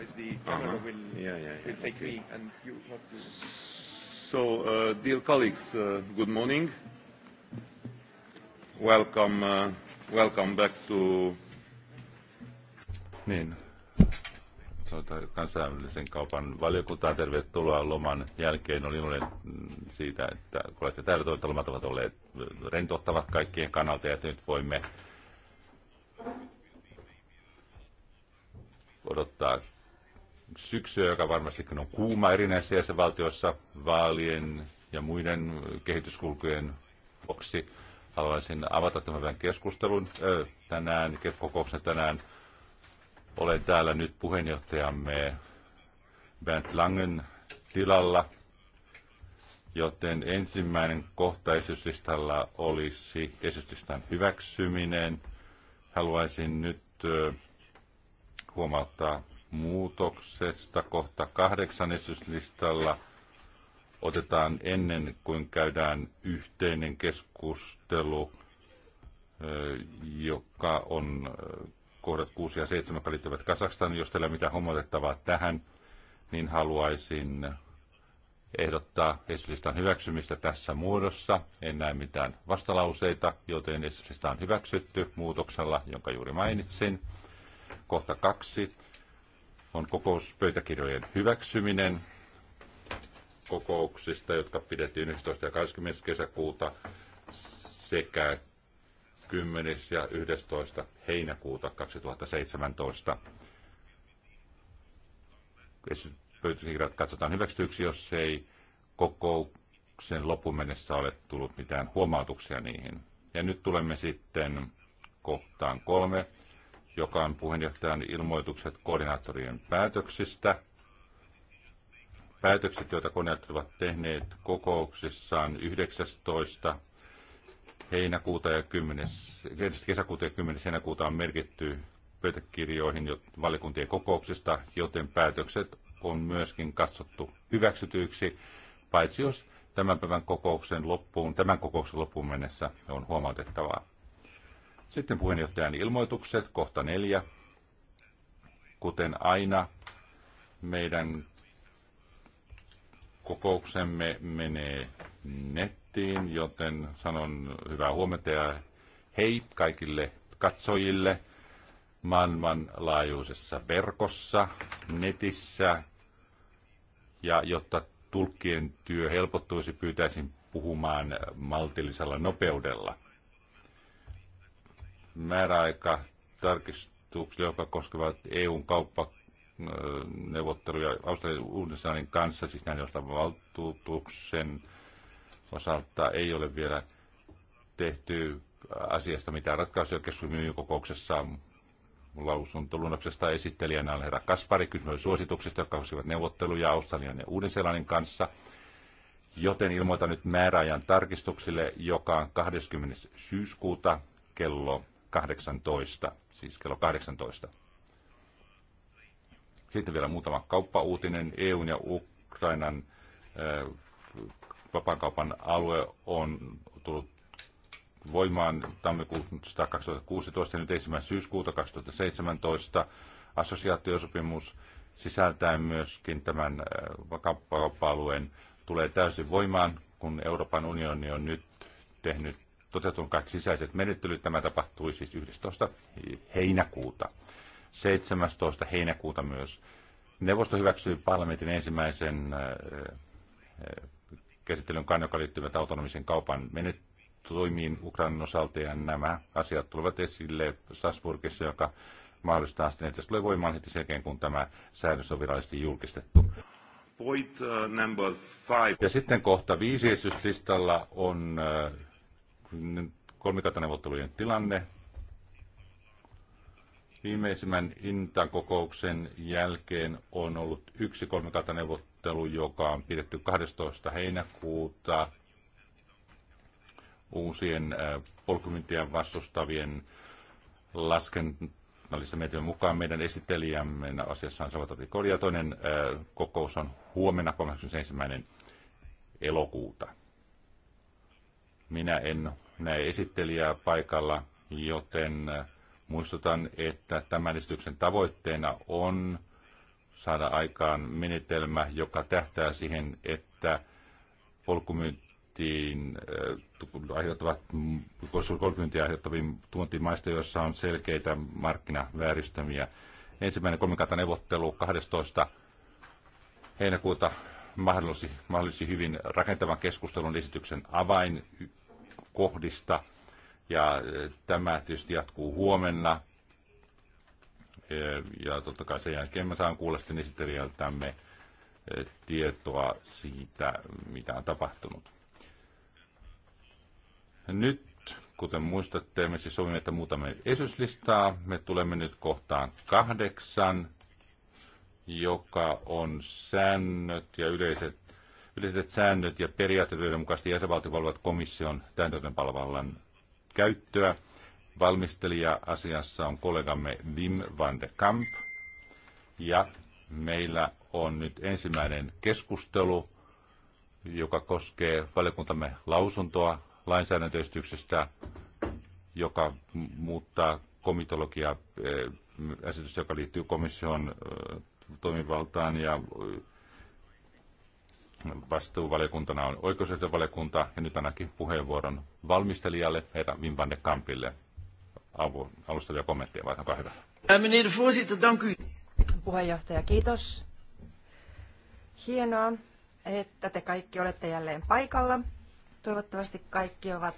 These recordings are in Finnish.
otherwise the uh-huh. camera uh-huh. will, yeah, yeah, yeah. will take okay. me and you not to. So, uh, dear colleagues, uh, good morning. Welcome, uh, welcome back to... Niin, tuota, kansainvälisen kaupan valiokuntaan Tervetuloa loman jälkeen. Olin iloinen siitä, että kun olette täällä, toivottavasti lomat ovat olleet rentouttavat kaikkien kannalta ja että nyt voimme odottaa syksyä, joka varmasti on kuuma erinäisissä valtioissa vaalien ja muiden kehityskulkujen vuoksi. Haluaisin avata tämän keskustelun äh, tänään, kokouksen tänään. Olen täällä nyt puheenjohtajamme Bernd Langen tilalla, joten ensimmäinen kohta esityslistalla olisi esityslistan hyväksyminen. Haluaisin nyt äh, huomauttaa muutoksesta kohta kahdeksan esityslistalla otetaan ennen kuin käydään yhteinen keskustelu, eh, joka on eh, kohdat 6 ja 7, jotka liittyvät Kasakstan. Jos teillä on mitään huomautettavaa tähän, niin haluaisin ehdottaa esityslistan hyväksymistä tässä muodossa. En näe mitään vastalauseita, joten esityslista on hyväksytty muutoksella, jonka juuri mainitsin. Kohta kaksi on kokouspöytäkirjojen hyväksyminen kokouksista, jotka pidettiin 11. ja 20. kesäkuuta sekä 10. ja 11. heinäkuuta 2017. Pöytäkirjat katsotaan hyväksytyksi, jos ei kokouksen lopun mennessä ole tullut mitään huomautuksia niihin. Ja nyt tulemme sitten kohtaan kolme joka on puheenjohtajan ilmoitukset koordinaattorien päätöksistä. Päätökset, joita koordinaattorit ovat tehneet kokouksissaan 19 heinäkuuta ja 10. kesäkuuta ja 10. heinäkuuta on merkitty pöytäkirjoihin valikuntien kokouksista, joten päätökset on myöskin katsottu hyväksytyiksi, paitsi jos tämän päivän kokouksen loppuun, tämän kokouksen loppuun mennessä on huomautettavaa. Sitten puheenjohtajan ilmoitukset, kohta neljä. Kuten aina, meidän kokouksemme menee nettiin, joten sanon hyvää huomenta ja hei kaikille katsojille maailmanlaajuisessa verkossa, netissä. Ja jotta tulkkien työ helpottuisi, pyytäisin puhumaan maltillisella nopeudella määräaika tarkistuksille, joka koskevat EUn kauppaneuvotteluja Australian uuden kanssa, siis näin osalta valtuutuksen osalta ei ole vielä tehty asiasta mitään ratkaisuja keskustelun kokouksessa lausuntoluonnoksesta esittelijänä on herra Kaspari. Kysymys suosituksista, jotka koskivat neuvotteluja Australian ja Uuden-Seelannin kanssa. Joten ilmoitan nyt määräajan tarkistuksille, joka on 20. syyskuuta kello 18, siis kello 18. Sitten vielä muutama kauppauutinen. EUn ja Ukrainan eh, vapaakaupan alue on tullut voimaan tammikuussa 2016 ja nyt 1. syyskuuta 2017. Assosiaatiosopimus sisältää myöskin tämän eh, vapaakauppa-alueen tulee täysin voimaan, kun Euroopan unioni on nyt tehnyt toteutunut kaikki sisäiset menettelyt. Tämä tapahtui siis 11. heinäkuuta. 17. heinäkuuta myös. Neuvosto hyväksyi parlamentin ensimmäisen äh, äh, käsittelyn kannan, joka liittyvät autonomisen kaupan menetoimiin Ukrainan osalta ja nämä asiat tulevat esille Strasbourgissa, joka mahdollistaa sitten, että se tulee voimaan heti sen kun tämä säädös on virallisesti julkistettu. Point, uh, number five. Ja sitten kohta viisi esityslistalla on uh, niin, kolmikantaneuvottelujen tilanne. Viimeisimmän Intan kokouksen jälkeen on ollut yksi kolmikantaneuvottelu, joka on pidetty 12. heinäkuuta uusien äh, polkumyntien vastustavien laskennallisessa mietinnön mukaan meidän esittelijämme asiassa on Salvatore Korja. Toinen äh, kokous on huomenna 31. elokuuta. Minä en näe esittelijää paikalla, joten muistutan, että tämän esityksen tavoitteena on saada aikaan menetelmä, joka tähtää siihen, että polkumyyntiin äh, aiheuttavat, polkumyyntiin aiheuttaviin tuontimaista, joissa on selkeitä markkinavääristämiä. Ensimmäinen kolmikanta neuvottelu 12. heinäkuuta mahdollisesti mahdollisi hyvin rakentavan keskustelun esityksen avainkohdista. Ja e, tämä tietysti jatkuu huomenna. E, ja totta kai sen jälkeen mä saan kuulla sitten esittelijältämme e, tietoa siitä, mitä on tapahtunut. Nyt, kuten muistatte, me siis sovimme, että muutamme esyslistaa. Me tulemme nyt kohtaan kahdeksan joka on säännöt ja yleiset, yleiset säännöt ja periaatteet, joiden mukaisesti jäsenvaltiot valvovat komission täytäntöönpanovallan käyttöä. Valmistelija asiassa on kollegamme Wim van de Kamp. Ja meillä on nyt ensimmäinen keskustelu, joka koskee valiokuntamme lausuntoa lainsäädäntöestyksestä, joka muuttaa komitologia esitys, eh, joka liittyy komission eh, toimivaltaan ja vastuuvaliokuntana on oikeusvaliokunta ja nyt ainakin puheenvuoron valmistelijalle, herra Wim van de Kampille. alustavia kommentteja, vai onko hyvä? Puheenjohtaja, kiitos. Hienoa, että te kaikki olette jälleen paikalla. Toivottavasti kaikki ovat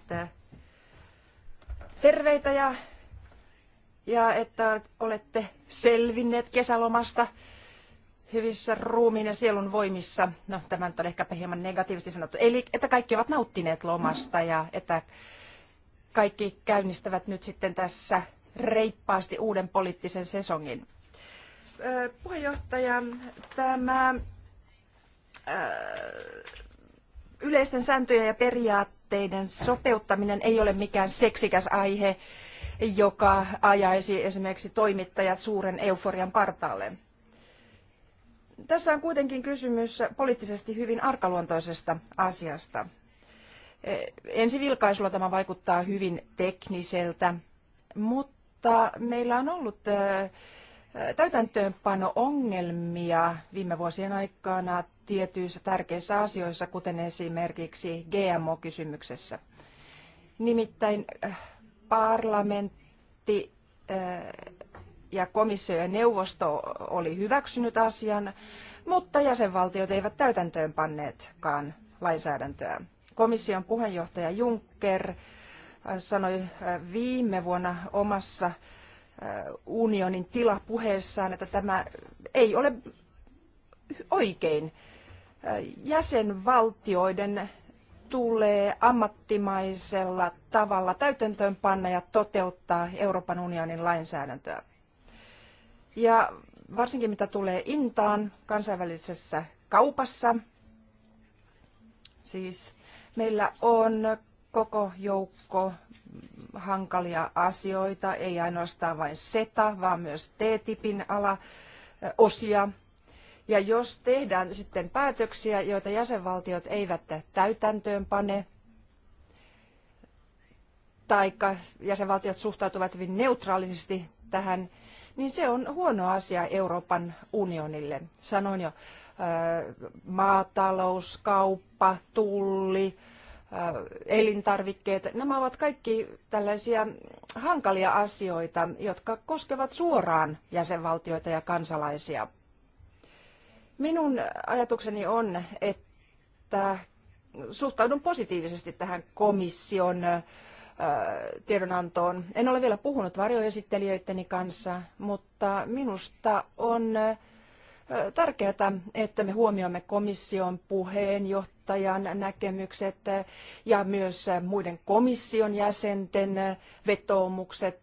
terveitä ja, ja että olette selvinneet kesälomasta hyvissä ruumiin ja sielun voimissa. No, tämä nyt on ehkä hieman negatiivisesti sanottu. Eli että kaikki ovat nauttineet lomasta ja että kaikki käynnistävät nyt sitten tässä reippaasti uuden poliittisen sesongin. Puheenjohtaja, tämä yleisten sääntöjen ja periaatteiden sopeuttaminen ei ole mikään seksikäs aihe, joka ajaisi esimerkiksi toimittajat suuren euforian partaalle tässä on kuitenkin kysymys poliittisesti hyvin arkaluontoisesta asiasta. E, vilkaisulla tämä vaikuttaa hyvin tekniseltä, mutta meillä on ollut e, täytäntöönpano-ongelmia viime vuosien aikana tietyissä tärkeissä asioissa, kuten esimerkiksi GMO-kysymyksessä. Nimittäin e, parlamentti ja komissio ja neuvosto oli hyväksynyt asian, mutta jäsenvaltiot eivät täytäntöön panneetkaan lainsäädäntöä. Komission puheenjohtaja Juncker äh, sanoi äh, viime vuonna omassa äh, unionin tilapuheessaan, että tämä ei ole oikein. Jäsenvaltioiden tulee ammattimaisella tavalla täytäntöönpanna ja toteuttaa Euroopan unionin lainsäädäntöä. Ja varsinkin mitä tulee Intaan kansainvälisessä kaupassa, siis meillä on koko joukko hankalia asioita, ei ainoastaan vain SETA, vaan myös T-tipin osia. Ja jos tehdään sitten päätöksiä, joita jäsenvaltiot eivät täytäntöön pane, taikka jäsenvaltiot suhtautuvat hyvin neutraalisesti tähän niin se on huono asia Euroopan unionille. Sanoin jo, äh, maatalous, kauppa, tulli, äh, elintarvikkeet, nämä ovat kaikki tällaisia hankalia asioita, jotka koskevat suoraan jäsenvaltioita ja kansalaisia. Minun ajatukseni on, että suhtaudun positiivisesti tähän komission tiedonantoon. En ole vielä puhunut varjoesittelijöitteni kanssa, mutta minusta on tärkeää, että me huomioimme komission puheenjohtajan näkemykset ja myös muiden komission jäsenten vetoomukset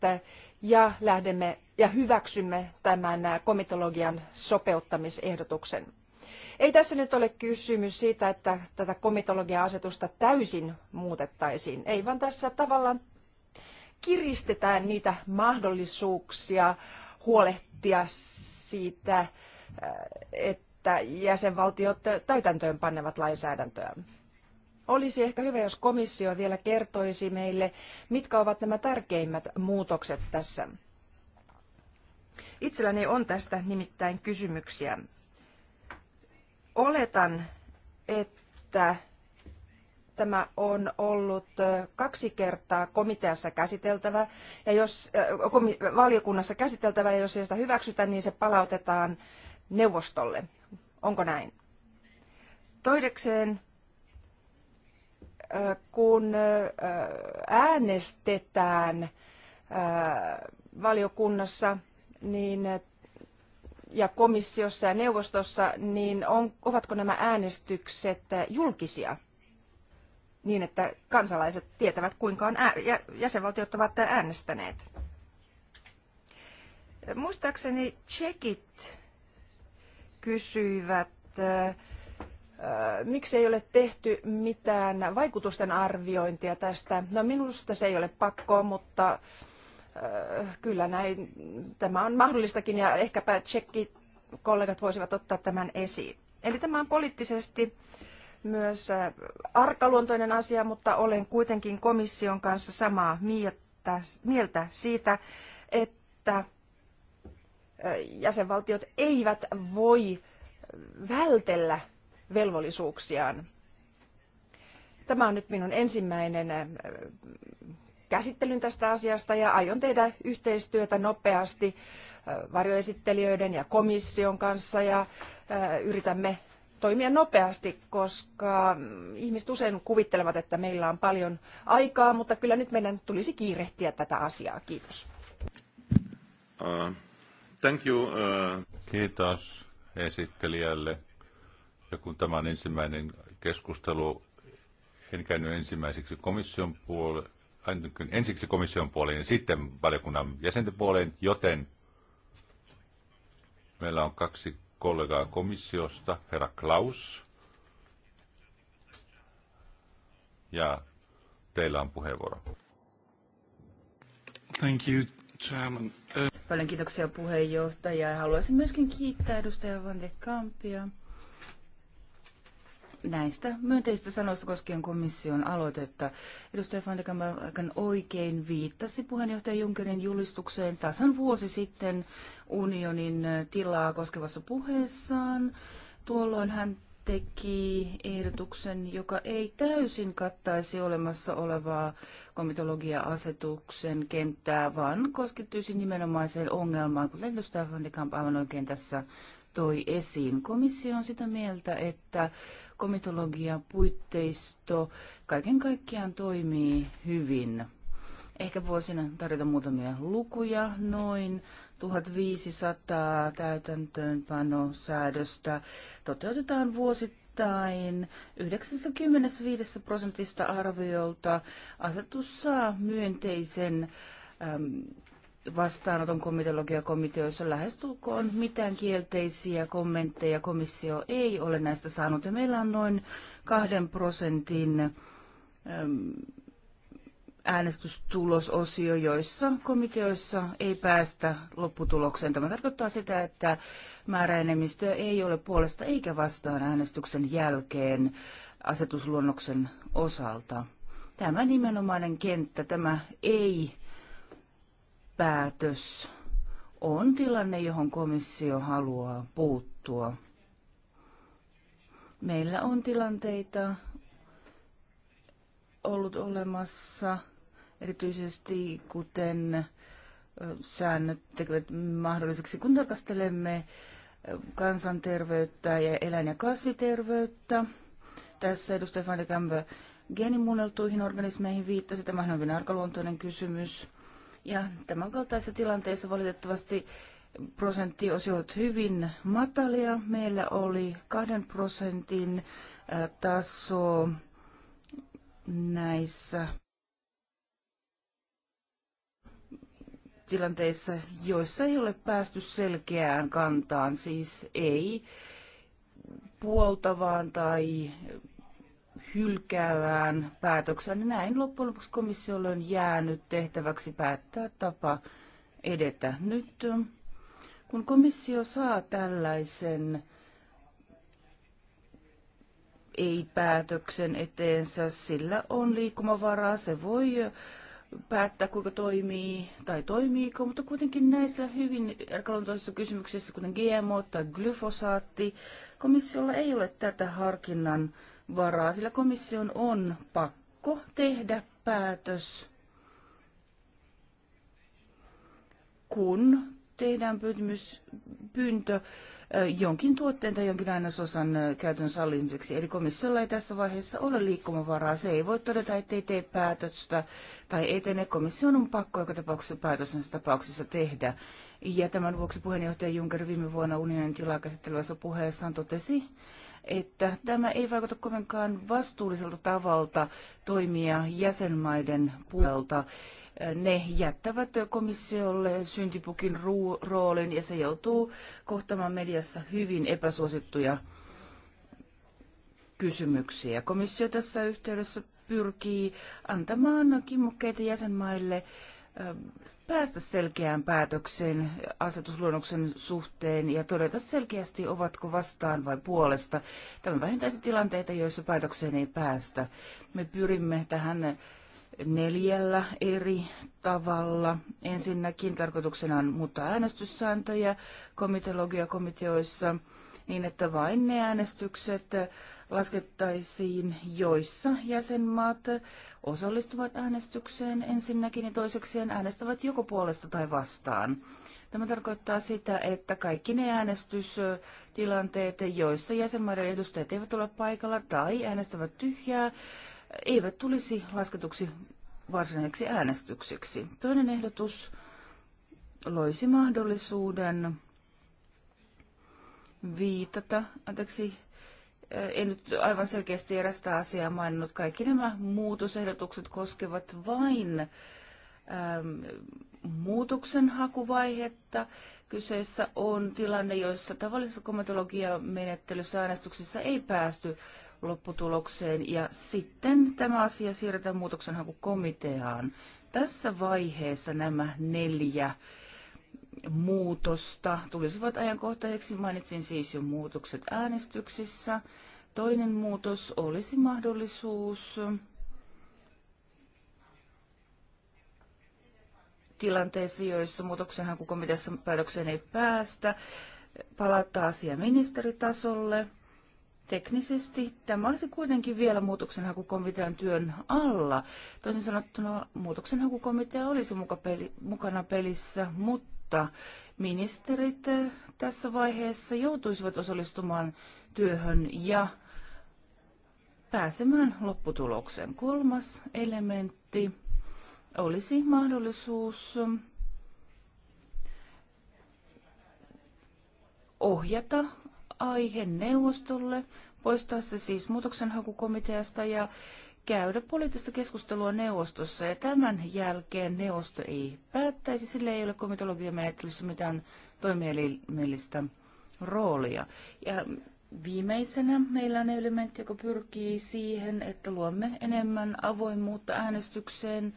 ja lähdemme ja hyväksymme tämän komitologian sopeuttamisehdotuksen. Ei tässä nyt ole kysymys siitä, että tätä komitologia-asetusta täysin muutettaisiin. Ei vaan tässä tavallaan kiristetään niitä mahdollisuuksia huolehtia siitä, äh, että jäsenvaltiot täytäntöön pannevat lainsäädäntöä. Olisi ehkä hyvä, jos komissio vielä kertoisi meille, mitkä ovat nämä tärkeimmät muutokset tässä. Itselläni on tästä nimittäin kysymyksiä. Oletan, että tämä on ollut kaksi kertaa komiteassa käsiteltävä ja jos valiokunnassa käsiteltävä ja jos ei sitä hyväksytä, niin se palautetaan neuvostolle. Onko näin? Toidekseen, kun äänestetään valiokunnassa, niin ja komissiossa ja neuvostossa, niin on, ovatko nämä äänestykset eh, julkisia niin, että kansalaiset tietävät, kuinka on ää, jäsenvaltiot ovat äänestäneet? Muistaakseni tsekit kysyivät, eh, eh, miksi ei ole tehty mitään vaikutusten arviointia tästä. No minusta se ei ole pakko, mutta Äh, kyllä näin, tämä on mahdollistakin ja ehkäpä tsekki kollegat voisivat ottaa tämän esiin. Eli tämä on poliittisesti myös äh, arkaluontoinen asia, mutta olen kuitenkin komission kanssa samaa mieltä, mieltä siitä, että äh, jäsenvaltiot eivät voi vältellä velvollisuuksiaan. Tämä on nyt minun ensimmäinen käsittelyn tästä asiasta ja aion tehdä yhteistyötä nopeasti äh, varjoesittelijöiden ja komission kanssa ja äh, yritämme toimia nopeasti, koska mm, ihmiset usein kuvittelevat, että meillä on paljon aikaa, mutta kyllä nyt meidän tulisi kiirehtiä tätä asiaa. Kiitos. Uh, thank you, uh... Kiitos esittelijälle. Ja kun tämä on ensimmäinen keskustelu, en käynyt ensimmäiseksi komission puolelle, ensiksi komission puoleen ja sitten valiokunnan jäsenten puoleen, joten meillä on kaksi kollegaa komissiosta, herra Klaus. Ja teillä on puheenvuoro. Thank you, Chairman. Paljon kiitoksia puheenjohtaja. Haluaisin myöskin kiittää edustaja Van de Kampia näistä myönteistä sanoista koskien komission aloitetta. Edustaja van de Kammerkan oikein viittasi puheenjohtaja Junckerin julistukseen tasan vuosi sitten unionin tilaa koskevassa puheessaan. Tuolloin hän teki ehdotuksen, joka ei täysin kattaisi olemassa olevaa komitologia-asetuksen kenttää, vaan koskettyisi nimenomaiseen ongelmaan, kuten edustaja Van de Kamp aivan oikein tässä toi esiin. Komissio on sitä mieltä, että komitologia puitteisto kaiken kaikkiaan toimii hyvin. Ehkä voisin tarjota muutamia lukuja, noin 1500 täytäntöönpanosäädöstä toteutetaan vuosittain 95 prosentista arviolta. Asetus saa myönteisen vastaanoton komitologiakomiteoissa lähestulkoon mitään kielteisiä kommentteja komissio ei ole näistä saanut. Ja meillä on noin kahden prosentin äänestystulososio, joissa komiteoissa ei päästä lopputulokseen. Tämä tarkoittaa sitä, että määräenemmistöä ei ole puolesta eikä vastaan äänestyksen jälkeen asetusluonnoksen osalta. Tämä nimenomainen kenttä, tämä ei päätös on tilanne, johon komissio haluaa puuttua. Meillä on tilanteita ollut olemassa, erityisesti kuten säännöt tekevät mahdolliseksi, kun tarkastelemme kansanterveyttä ja eläin- ja kasviterveyttä. Tässä edustaja Van de geenimuunneltuihin organismeihin viittasi. Tämähän on hyvin arkaluontoinen kysymys. Ja tämän kaltaisessa tilanteessa valitettavasti prosenttiosuudet hyvin matalia. Meillä oli kahden prosentin taso näissä tilanteissa, joissa ei ole päästy selkeään kantaan, siis ei puoltavaan tai hylkäävään päätökseen. Niin näin loppujen lopuksi komissiolle on jäänyt tehtäväksi päättää tapa edetä. Nyt kun komissio saa tällaisen ei-päätöksen eteensä, sillä on liikkumavaraa, se voi päättää, kuinka toimii tai toimiiko, mutta kuitenkin näissä hyvin erkaluontoisissa kysymyksissä, kuten GMO tai glyfosaatti, komissiolla ei ole tätä harkinnan varaa, sillä komission on pakko tehdä päätös, kun tehdään pyytymys, pyyntö jonkin tuotteen tai jonkin ainesosan käytön sallimiseksi. Eli komissiolla ei tässä vaiheessa ole liikkumavaraa. Se ei voi todeta, ettei tee päätöstä tai etene. Komission on pakko joka tapauksessa päätös näissä tapauksissa tehdä. Ja tämän vuoksi puheenjohtaja Juncker viime vuonna unionin tilaa käsittelevässä puheessaan totesi, että tämä ei vaikuta kovinkaan vastuulliselta tavalta toimia jäsenmaiden puolelta. Ne jättävät komissiolle syntipukin roolin ja se joutuu kohtamaan mediassa hyvin epäsuosittuja kysymyksiä. Komissio tässä yhteydessä pyrkii antamaan kimmukkeita jäsenmaille päästä selkeään päätökseen asetusluonnoksen suhteen ja todeta selkeästi, ovatko vastaan vai puolesta. Tämä vähentäisi tilanteita, joissa päätökseen ei päästä. Me pyrimme tähän neljällä eri tavalla. Ensinnäkin tarkoituksena on muuttaa äänestyssääntöjä komiteologiakomiteoissa niin, että vain ne äänestykset laskettaisiin, joissa jäsenmaat osallistuvat äänestykseen ensinnäkin ja toisekseen äänestävät joko puolesta tai vastaan. Tämä tarkoittaa sitä, että kaikki ne äänestystilanteet, joissa jäsenmaiden edustajat eivät ole paikalla tai äänestävät tyhjää, eivät tulisi lasketuksi varsinaiseksi äänestykseksi. Toinen ehdotus loisi mahdollisuuden viitata, anteeksi, eh, en nyt aivan selkeästi erästä asiaa maininnut. Kaikki nämä muutosehdotukset koskevat vain äm, muutoksen hakuvaihetta. Kyseessä on tilanne, jossa tavallisessa komatologiamenettelyssä äänestyksessä ei päästy lopputulokseen ja sitten tämä asia siirretään muutoksenhakukomiteaan. Tässä vaiheessa nämä neljä muutosta tulisivat ajankohtaiseksi. Mainitsin siis jo muutokset äänestyksissä. Toinen muutos olisi mahdollisuus tilanteessa, joissa muutoksenhakukomiteassa päätökseen ei päästä, palata asia ministeritasolle – Teknisesti tämä olisi kuitenkin vielä muutoksenhakukomitean työn alla. Toisin sanottuna muutoksenhakukomitea olisi muka peli, mukana pelissä, mutta ministerit tässä vaiheessa joutuisivat osallistumaan työhön ja pääsemään lopputulokseen. Kolmas elementti olisi mahdollisuus ohjata aihe neuvostolle, poistaa se siis muutoksenhakukomiteasta ja käydä poliittista keskustelua neuvostossa. Ja tämän jälkeen neuvosto ei päättäisi, sillä ei ole menettelyssä mitään toimielimellistä roolia. Ja Viimeisenä meillä on elementti, joka pyrkii siihen, että luomme enemmän avoimuutta äänestykseen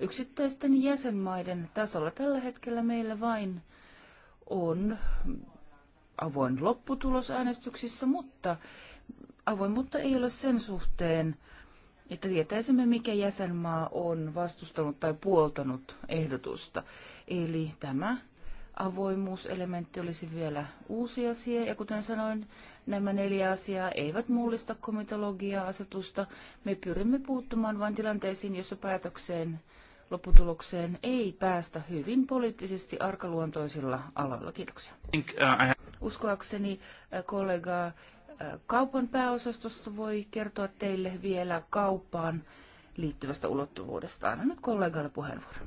yksittäisten jäsenmaiden tasolla. Tällä hetkellä meillä vain on avoin lopputulos äänestyksissä, mutta avoimuutta ei ole sen suhteen, että tietäisimme, mikä jäsenmaa on vastustanut tai puoltanut ehdotusta. Eli tämä avoimuuselementti olisi vielä uusi asia, ja kuten sanoin, nämä neljä asiaa eivät mullista komitologiaa asetusta. Me pyrimme puuttumaan vain tilanteisiin, jossa päätökseen lopputulokseen ei päästä hyvin poliittisesti arkaluontoisilla aloilla. Kiitoksia. Uh, Uskoakseni äh, kollega äh, kaupan pääosastosta voi kertoa teille vielä kauppaan liittyvästä ulottuvuudesta. Anna nyt kollegalle puheenvuoron. Uh,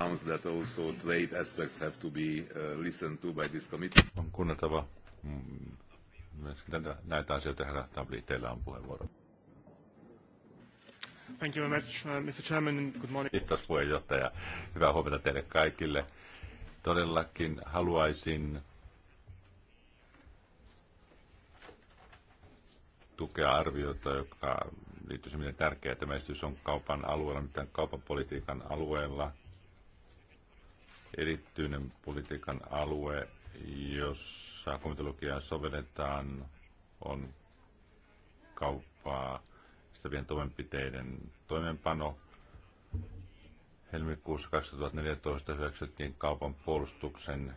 on kuunneltava mm, näitä asioita herra Tabli, teillä on puheenvuoro. Thank you very much, uh, Mr. Chairman. Good morning. Kiitos puheenjohtaja. Hyvää huomenta teille kaikille. Todellakin haluaisin tukea arviota, joka liittyy siihen, tärkeää tämä esitys on kaupan alueella, miten kaupan politiikan alueella. Erityinen politiikan alue, jossa komitologiaa sovelletaan, on kauppaa tehtävien toimenpiteiden toimenpano. Helmikuussa 2014 hyväksyttiin kaupan puolustuksen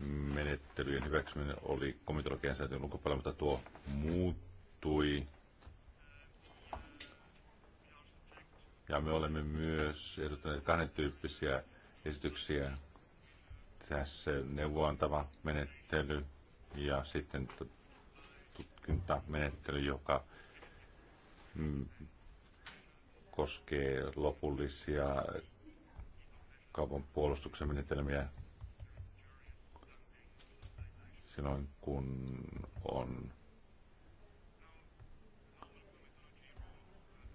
menettelyjen hyväksyminen oli komitologian säätelyn ulkopuolella, mutta tuo muuttui. Ja me olemme myös ehdottaneet kahden tyyppisiä esityksiä. Tässä neuvoantava menettely ja sitten tutkintamenettely, joka mm, koskee lopullisia kaupan puolustuksen menetelmiä silloin, kun on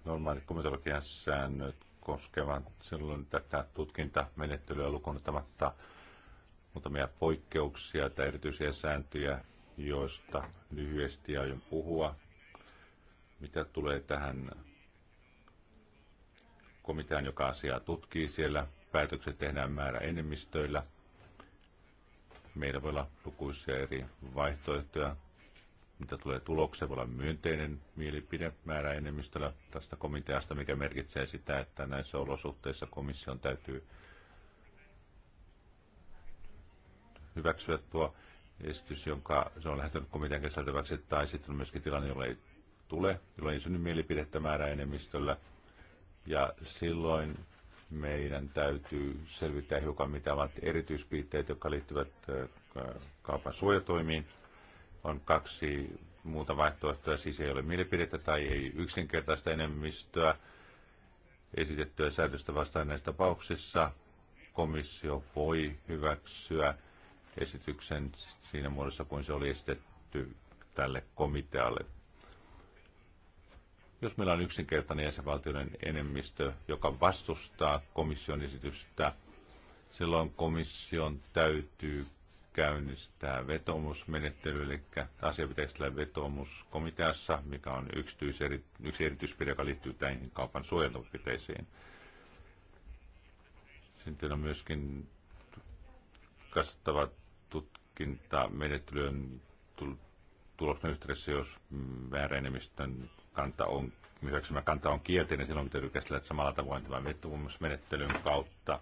normaalit komitologian säännöt koskevan silloin tätä tutkintamenettelyä lukunottamatta muutamia poikkeuksia tai erityisiä sääntöjä, joista lyhyesti aion puhua. Mitä tulee tähän komitean, joka asiaa tutkii siellä, päätökset tehdään määrä enemmistöillä. Meillä voi olla lukuisia eri vaihtoehtoja. Mitä tulee tulokseen, voi olla myönteinen mielipide määrä enemmistöllä tästä komiteasta, mikä merkitsee sitä, että näissä olosuhteissa komission täytyy hyväksyä tuo esitys, jonka se on lähtenyt komitean käsiteltäväksi, tai sitten on myöskin tilanne, jolla ei tule, jolla ei synny mielipidettä määräenemmistöllä. Ja silloin meidän täytyy selvittää hiukan, mitä ovat erityispiitteet, jotka liittyvät kaupan suojatoimiin. On kaksi muuta vaihtoehtoa, siis ei ole mielipidettä tai ei yksinkertaista enemmistöä esitettyä säädöstä vastaan näissä tapauksissa. Komissio voi hyväksyä esityksen siinä muodossa, kuin se oli esitetty tälle komitealle. Jos meillä on yksinkertainen jäsenvaltioiden enemmistö, joka vastustaa komission esitystä, silloin komission täytyy käynnistää vetomusmenettely, eli asia pitäisi olla vetomuskomiteassa, mikä on yksityiseri, yksi erityispiirre, joka liittyy näihin kaupan suojelupisteisiin. Sitten on myöskin ratkaistavaa tutkintamenettelyyn tuloksen yhteydessä, jos määräenemmistön kanta on, hyväksymä kanta on kielteinen, silloin täytyy käsitellä samalla tavoin tämän vetomusmenettelyn kautta.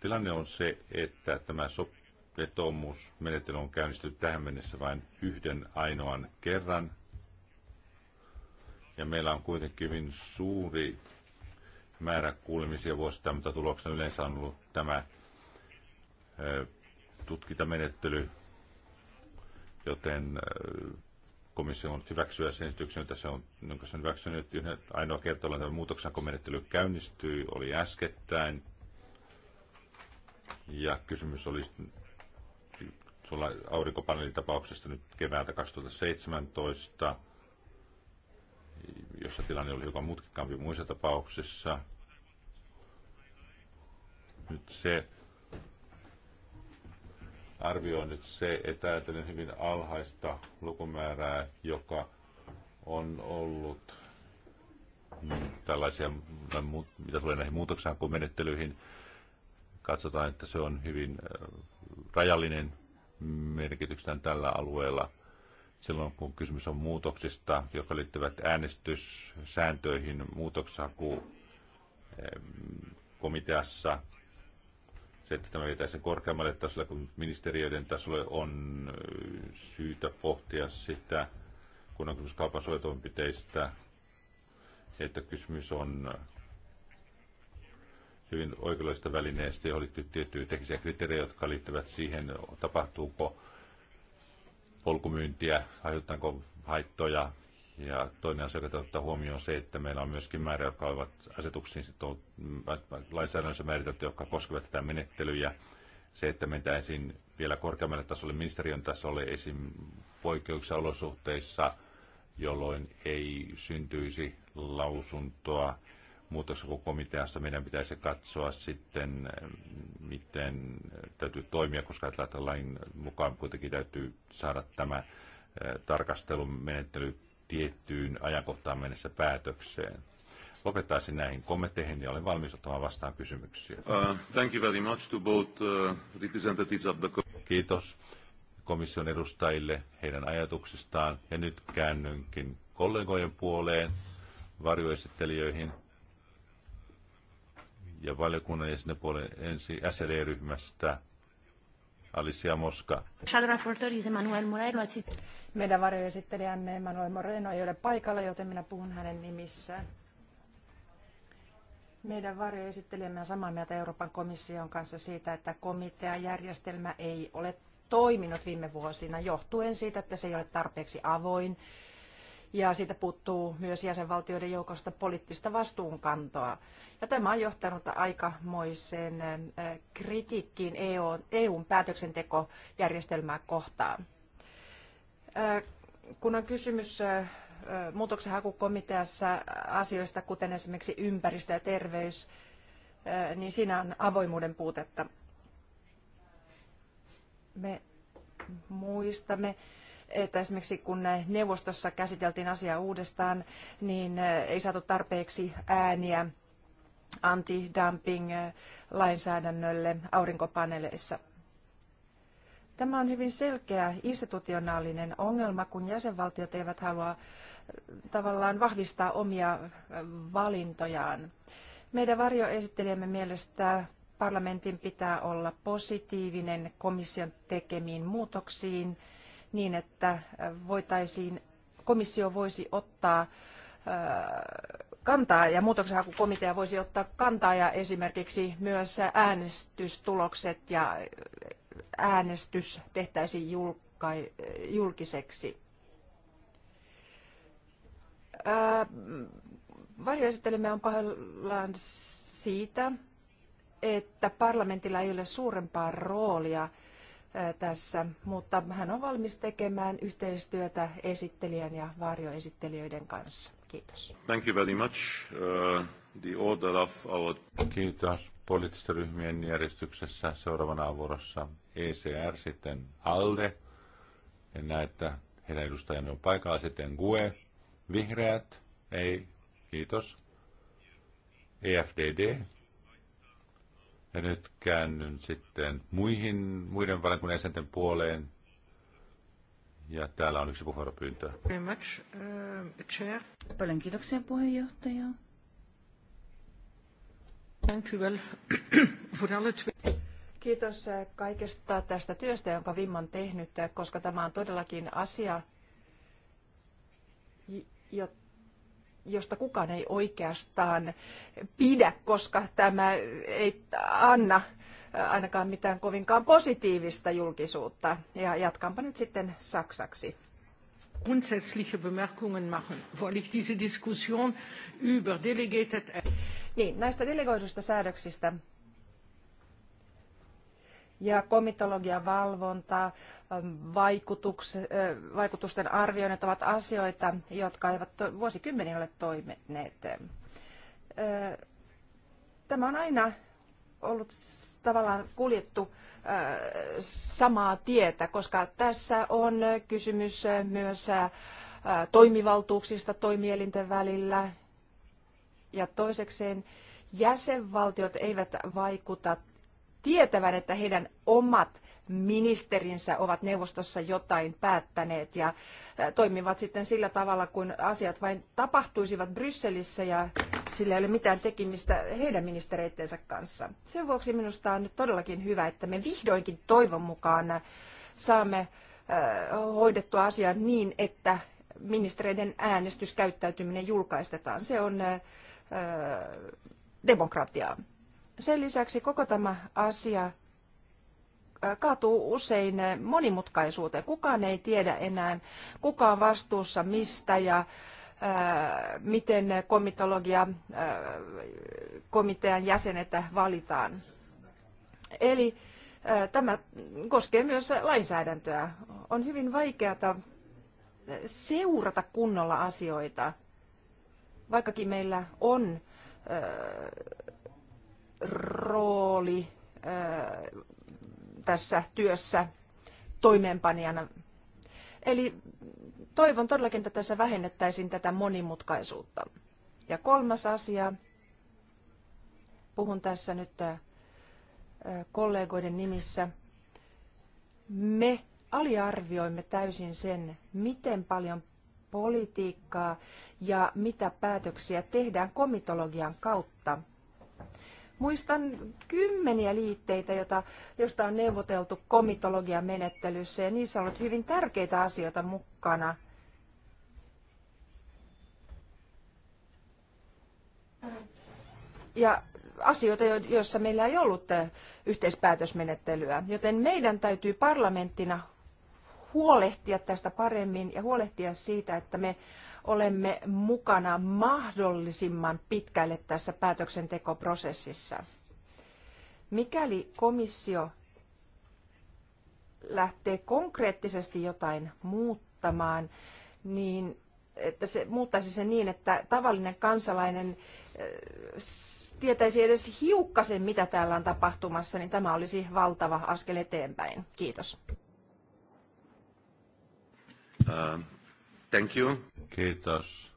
Tilanne on se, että tämä vetomusmenettely on käynnistynyt tähän mennessä vain yhden ainoan kerran. Ja meillä on kuitenkin hyvin suuri määrä kuulemisia vuosittain, mutta tuloksena yleensä on ollut tämä tutkintamenettely, joten äh, komissio on hyväksyä sen esityksen, se on, jonka se on hyväksynyt. ainoa kerta, jolloin tämä muutoksenhakumenettely käynnistyi, oli äskettäin. Ja kysymys oli sulla aurinkopaneelitapauksesta nyt keväältä 2017, jossa tilanne oli hiukan mutkikkaampi muissa tapauksissa. Nyt se, arvio nyt se, etäätäinen hyvin alhaista lukumäärää, joka on ollut mm, tällaisia, mitä tulee näihin muutoksiin kuin menettelyihin, katsotaan, että se on hyvin äh, rajallinen merkityksen tällä alueella. Silloin kun kysymys on muutoksista, jotka liittyvät äänestyssääntöihin, muutoksaku komiteassa se, että tämä vetää sen korkeammalle tasolle kuin ministeriöiden tasolle, on syytä pohtia sitä, kun on kysymys kaupan suojatoimenpiteistä, että kysymys on hyvin oikeudellisesta välineestä, johon liittyy tiettyjä teknisiä kriteerejä, jotka liittyvät siihen, tapahtuuko polkumyyntiä, aiheuttaako haittoja, ja toinen asia, joka ottaa huomioon, on se, että meillä on myöskin määrä, jotka ovat asetuksiin lainsäädännössä määritelty, jotka koskevat tätä menettelyä. Se, että mentäisiin vielä korkeammalle tasolle, ministeriön tasolle, esim. poikkeuksia olosuhteissa, jolloin ei syntyisi lausuntoa komiteassa meidän pitäisi katsoa sitten, miten täytyy toimia, koska ajatellaan, että lain mukaan kuitenkin täytyy saada tämä tarkastelumenettely tiettyyn ajankohtaan mennessä päätökseen. Lopettaisin näihin kommentteihin ja olen valmis ottamaan vastaan kysymyksiä. Uh, thank you very much to both, uh, representatives of the... Kiitos komission edustajille heidän ajatuksistaan ja nyt käännynkin kollegojen puoleen, varjoesittelijöihin ja valiokunnan jäsenen puolen ensi sre ryhmästä Alicia Mosca. Meidän varjoesittelijämme Emmanuel Moreno ei ole paikalla, joten minä puhun hänen nimissään. Meidän varjoesittelijämme on samaa mieltä Euroopan komission kanssa siitä, että komiteajärjestelmä ei ole toiminut viime vuosina johtuen siitä, että se ei ole tarpeeksi avoin ja siitä puuttuu myös jäsenvaltioiden joukosta poliittista vastuunkantoa. Ja tämä on johtanut aikamoiseen kritiikkiin EUn e päätöksentekojärjestelmää kohtaan. Kun on kysymys muutoksenhakukomiteassa asioista, kuten esimerkiksi ympäristö ja terveys, niin siinä on avoimuuden puutetta. Me muistamme että esimerkiksi kun neuvostossa käsiteltiin asiaa uudestaan, niin ei saatu tarpeeksi ääniä anti-dumping-lainsäädännölle aurinkopaneeleissa. Tämä on hyvin selkeä institutionaalinen ongelma, kun jäsenvaltiot eivät halua tavallaan vahvistaa omia valintojaan. Meidän varjoesittelijämme mielestä parlamentin pitää olla positiivinen komission tekemiin muutoksiin – niin, että voitaisiin, komissio voisi ottaa kantaa ja muutoksenhakukomitea voisi ottaa kantaa ja esimerkiksi myös äänestystulokset ja äänestys tehtäisiin julkiseksi. Varjoesittelemme on pahoillaan siitä, että parlamentilla ei ole suurempaa roolia tässä, mutta hän on valmis tekemään yhteistyötä esittelijän ja varjoesittelijöiden kanssa. Kiitos. Thank you very much. Uh, the order of our... Kiitos poliittisten ryhmien järjestyksessä. Seuraavana vuorossa ECR, sitten ALDE. En näe, että heidän edustajanne on paikalla. Sitten GUE, vihreät. Ei, kiitos. EFDD, ja nyt käännyn sitten muihin, muiden valiokunnan jäsenten puoleen. Ja täällä on yksi puheenvuoropyyntö. Very much, uh, chair. Paljon kiitoksia puheenjohtaja. Thank you well. For all Kiitos uh, kaikesta tästä työstä, jonka Vim on tehnyt, uh, koska tämä on todellakin asia, jota josta kukaan ei oikeastaan pidä, koska tämä ei anna äh, ainakaan mitään kovinkaan positiivista julkisuutta. Ja jatkanpa nyt sitten saksaksi. Grundsätzliche Bemerkungen machen, ich diese Diskussion über delegated... Niin, näistä delegoidusta säädöksistä ja komitologian valvonta, ähm, äh, vaikutusten arvioinnit ovat asioita, jotka eivät vuosikymmeniä ole toimineet. Äh, tämä on aina ollut tavallaan kuljettu äh, samaa tietä, koska tässä on kysymys myös toimivaltuuksista toimielinten välillä. Ja toisekseen jäsenvaltiot eivät vaikuta tietävän, että heidän omat ministerinsä ovat neuvostossa jotain päättäneet ja toimivat sitten sillä tavalla, kun asiat vain tapahtuisivat Brysselissä ja sillä ei ole mitään tekemistä heidän ministereittensä kanssa. Sen vuoksi minusta on nyt todellakin hyvä, että me vihdoinkin toivon mukaan saamme hoidettua asian niin, että ministereiden äänestyskäyttäytyminen julkaistetaan. Se on demokratiaa. Sen lisäksi koko tämä asia kaatuu usein monimutkaisuuteen. Kukaan ei tiedä enää, kuka on vastuussa mistä ja miten komitologia komitean jäsenet valitaan. Eli tämä koskee myös lainsäädäntöä. On hyvin vaikeata seurata kunnolla asioita, vaikkakin meillä on rooli tässä työssä toimeenpanijana. Eli toivon todellakin, että tässä vähennettäisiin tätä monimutkaisuutta. Ja kolmas asia, puhun tässä nyt kollegoiden nimissä, me aliarvioimme täysin sen, miten paljon politiikkaa ja mitä päätöksiä tehdään komitologian kautta Muistan kymmeniä liitteitä, jota, josta on neuvoteltu komitologian menettelyssä ja niissä on ollut hyvin tärkeitä asioita mukana. Ja asioita, joissa meillä ei ollut eh, yhteispäätösmenettelyä. Joten meidän täytyy parlamenttina huolehtia tästä paremmin ja huolehtia siitä, että me olemme mukana mahdollisimman pitkälle tässä päätöksentekoprosessissa. Mikäli komissio lähtee konkreettisesti jotain muuttamaan, niin että se muuttaisi sen niin, että tavallinen kansalainen tietäisi edes hiukkasen, mitä täällä on tapahtumassa, niin tämä olisi valtava askel eteenpäin. Kiitos. Ähm, Thank you. Kiitos.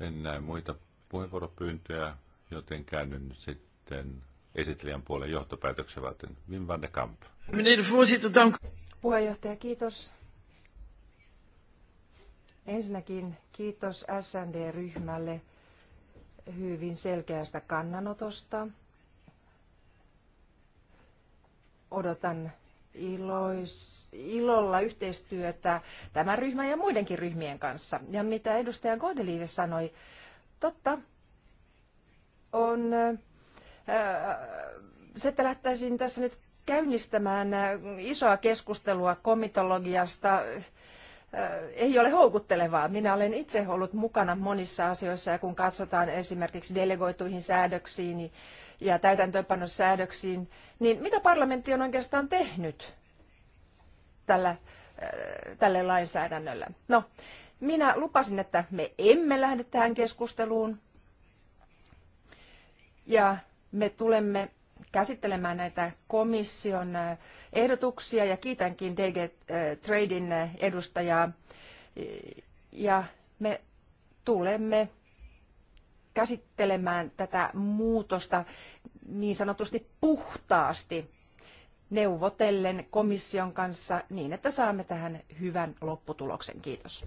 En näe muita puheenvuoropyyntöjä, joten käännyn sitten esittelijän puolen johtopäätöksen varten. Wim van de Kamp. Puheenjohtaja, kiitos. Ensinnäkin kiitos SND-ryhmälle hyvin selkeästä kannanotosta. Odotan ilois, ilolla yhteistyötä tämän ryhmän ja muidenkin ryhmien kanssa. Ja mitä edustaja Godelive sanoi, totta, on äh, se, että lähtäisin tässä nyt käynnistämään äh, isoa keskustelua komitologiasta, äh, ei ole houkuttelevaa. Minä olen itse ollut mukana monissa asioissa ja kun katsotaan esimerkiksi delegoituihin säädöksiin, niin ja täytäntöönpanosäädöksiin, niin mitä parlamentti on oikeastaan tehnyt tällä, äh, tälle lainsäädännölle? No, minä lupasin, että me emme lähde tähän keskusteluun ja me tulemme käsittelemään näitä komission äh, ehdotuksia ja kiitänkin DG äh, Tradein edustajaa ja me tulemme käsittelemään tätä muutosta niin sanotusti puhtaasti neuvotellen komission kanssa niin, että saamme tähän hyvän lopputuloksen. Kiitos.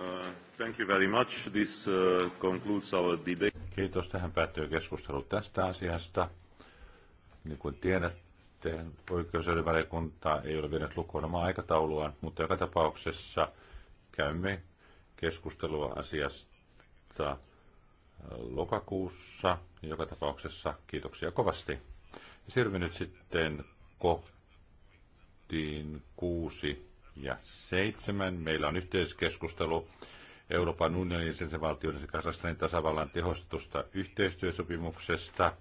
Uh, thank you very much. This uh, concludes our debate. Kiitos. Tähän päättyy keskustelu tästä asiasta. Niin kuin tiedätte, oikeusvaliokunta ei ole vienyt lukuun omaa aikatauluaan, mutta joka tapauksessa käymme keskustelua asiasta äh, lokakuussa. Joka tapauksessa kiitoksia kovasti. Siirrymme nyt sitten kohtiin kuusi ja seitsemän. Meillä on yhteiskeskustelu Euroopan unionin sen valtioiden sekä Kasastanin tasavallan tehostetusta yhteistyösopimuksesta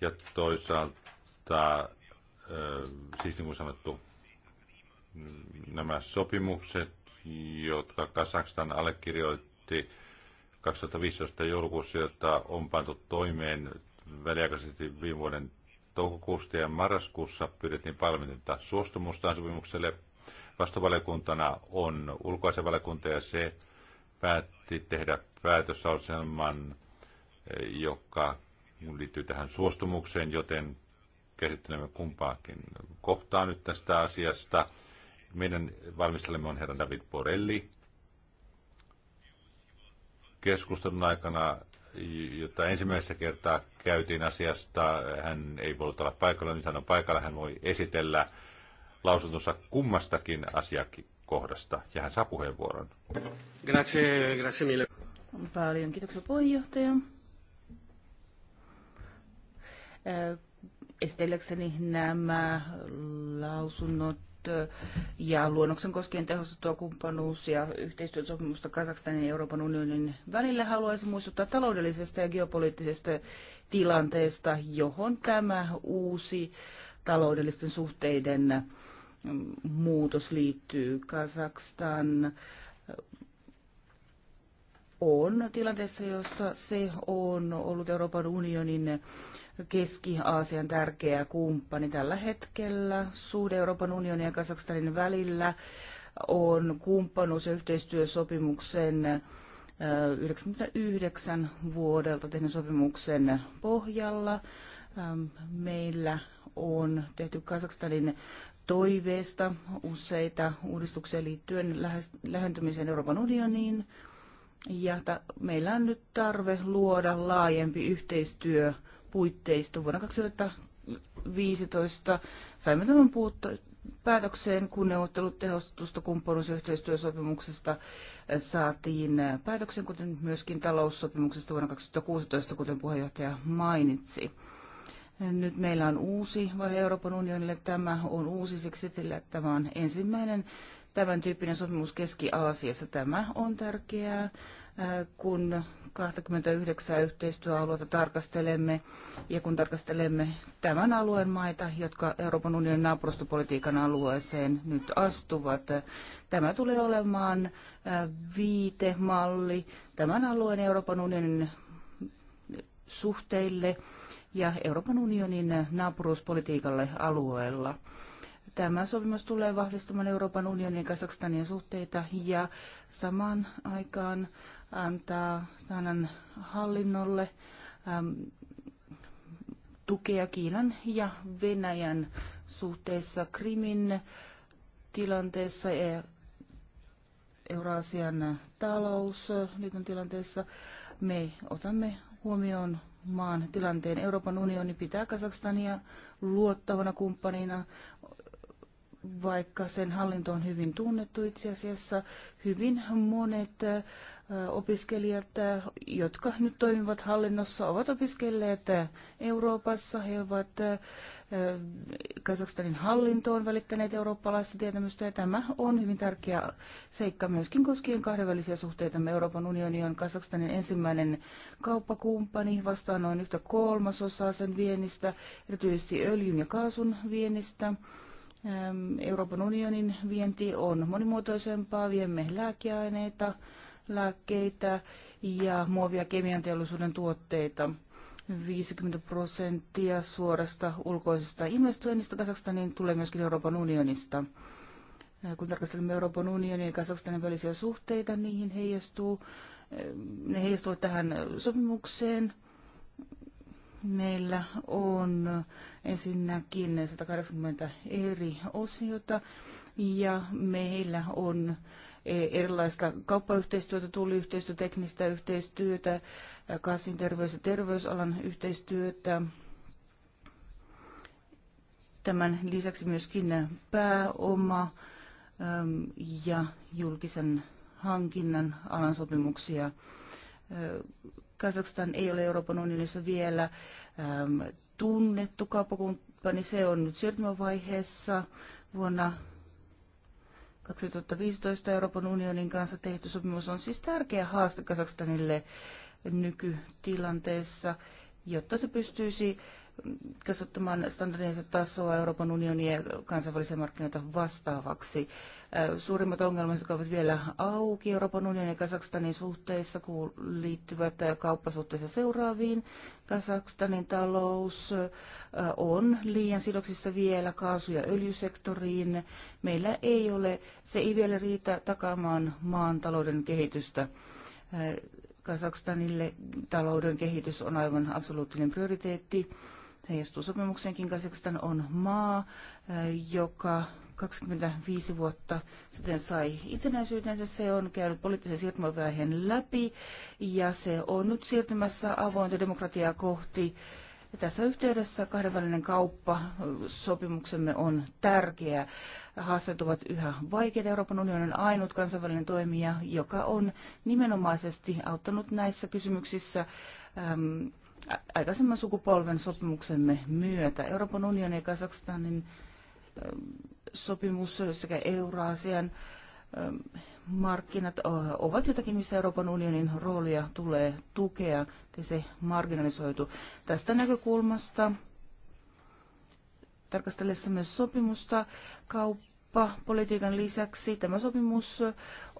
ja toisaalta, äh, siis niin kuin sanottu, mm, nämä sopimukset jotka Kasakstan allekirjoitti 2015 joulukuussa, jota on pantu toimeen väliaikaisesti viime vuoden toukokuusta ja marraskuussa pyydettiin parlamentilta suostumustaan sopimukselle. Vastuvaliokuntana on ulkoasevaliokunta ja se päätti tehdä päätösaseman, joka liittyy tähän suostumukseen, joten käsittelemme kumpaakin kohtaa nyt tästä asiasta. Meidän valmistelemme on herra David Borelli. Keskustelun aikana, jota ensimmäisessä kertaa käytiin asiasta, hän ei voinut olla paikalla, nyt hän on paikalla, hän voi esitellä lausuntonsa kummastakin asiakohdasta, ja hän saa puheenvuoron. Grazie, grazie mille. Paljon kiitoksia puheenjohtaja esitelläkseni nämä lausunnot ja luonnoksen koskien tehostettua kumppanuus- ja yhteistyösopimusta Kazakstanin ja Euroopan unionin välillä haluaisin muistuttaa taloudellisesta ja geopoliittisesta tilanteesta, johon tämä uusi taloudellisten suhteiden mm, muutos liittyy. Kazakstan äh, on tilanteessa, jossa se on ollut Euroopan unionin Keski-Aasian tärkeä kumppani. Tällä hetkellä suhde Euroopan unionin ja Kazakstanin välillä on kumppanuus- ja yhteistyösopimuksen 99 vuodelta tehnyt sopimuksen pohjalla. Meillä on tehty Kazakstanin toiveesta useita uudistuksia liittyen lähentymiseen Euroopan unioniin. Ja meillä on nyt tarve luoda laajempi yhteistyö puitteisto vuonna 2015. Saimme tämän puutto- päätökseen, kun neuvottelut tehostetusta kumppanuusyhteistyösopimuksesta saatiin päätöksen, kuten myöskin taloussopimuksesta vuonna 2016, kuten puheenjohtaja mainitsi. Nyt meillä on uusi vaihe Euroopan unionille. Tämä on uusi siksi, sillä tämä on ensimmäinen tämän tyyppinen sopimus Keski-Aasiassa. Tämä on tärkeää Äh, kun 29 yhteistyöalueita tarkastelemme ja kun tarkastelemme tämän alueen maita, jotka Euroopan unionin naapurustopolitiikan alueeseen nyt astuvat. Tämä tulee olemaan äh, viitemalli tämän alueen Euroopan unionin suhteille ja Euroopan unionin naapuruuspolitiikalle alueella. Tämä sopimus tulee vahvistamaan Euroopan unionin ja Kazakstanin suhteita ja samaan aikaan antaa Sanan hallinnolle äm, tukea Kiinan ja Venäjän suhteessa Krimin tilanteessa ja Eurasian talousliiton äh, tilanteessa. Me otamme huomioon maan tilanteen. Euroopan unioni pitää Kazakstania luottavana kumppanina vaikka sen hallinto on hyvin tunnettu itse asiassa, hyvin monet opiskelijat, jotka nyt toimivat hallinnossa, ovat opiskelleet Euroopassa. He ovat Kazakstanin hallintoon välittäneet eurooppalaista tietämystä ja tämä on hyvin tärkeä seikka myöskin koskien kahdenvälisiä suhteita. Me Euroopan unioni on Kazakstanin ensimmäinen kauppakumppani, vastaan noin yhtä kolmasosaa sen viennistä, erityisesti öljyn ja kaasun viennistä. Euroopan unionin vienti on monimuotoisempaa, viemme lääkeaineita, lääkkeitä ja muovia kemianteollisuuden tuotteita. 50 prosenttia suorasta ulkoisesta investoinnista Kasakstaniin tulee myöskin Euroopan unionista. Kun tarkastelemme Euroopan unionin ja Kasakstanin välisiä suhteita, niihin heijastuu, ne heijastuvat tähän sopimukseen – Meillä on ensinnäkin 180 eri osiota ja meillä on e, erilaista kauppayhteistyötä, tulliyhteistyötä, teknistä yhteistyötä, terveys- ja terveysalan yhteistyötä. Tämän lisäksi myöskin pääoma ja julkisen hankinnan alan sopimuksia Kazakstan ei ole Euroopan unionissa vielä ähm, tunnettu kauppakumppani. Se on nyt siirtymävaiheessa vuonna 2015 Euroopan unionin kanssa tehty sopimus on siis tärkeä haaste Kazakstanille nykytilanteessa, jotta se pystyisi kasvattamaan standardinsa tasoa Euroopan unionin ja kansainvälisiä markkinoita vastaavaksi. Suurimmat ongelmat, jotka ovat vielä auki Euroopan unionin ja Kazakstanin suhteissa, liittyvät kauppasuhteissa seuraaviin. Kazakstanin talous on liian sidoksissa vielä kaasu- ja öljysektoriin. Meillä ei ole, se ei vielä riitä takaamaan maan talouden kehitystä. Kazakstanille talouden kehitys on aivan absoluuttinen prioriteetti. Se Kazakstan on maa, joka 25 vuotta sitten sai itsenäisyytensä. Se on käynyt poliittisen siirtymävaiheen läpi ja se on nyt siirtymässä avointa demokratiaa kohti. Ja tässä yhteydessä kahdenvälinen kauppa, sopimuksemme on tärkeä. Haasteet ovat yhä vaikeita. Euroopan unionin ainut kansainvälinen toimija, joka on nimenomaisesti auttanut näissä kysymyksissä äm, aikaisemman sukupolven sopimuksemme myötä. Euroopan unionin ja Kazakstanin ähm, sopimus sekä Euraasian ähm, markkinat ovat jotakin, missä Euroopan unionin roolia tulee tukea, ja se marginalisoitu. Tästä näkökulmasta myös sopimusta kauppapolitiikan lisäksi tämä sopimus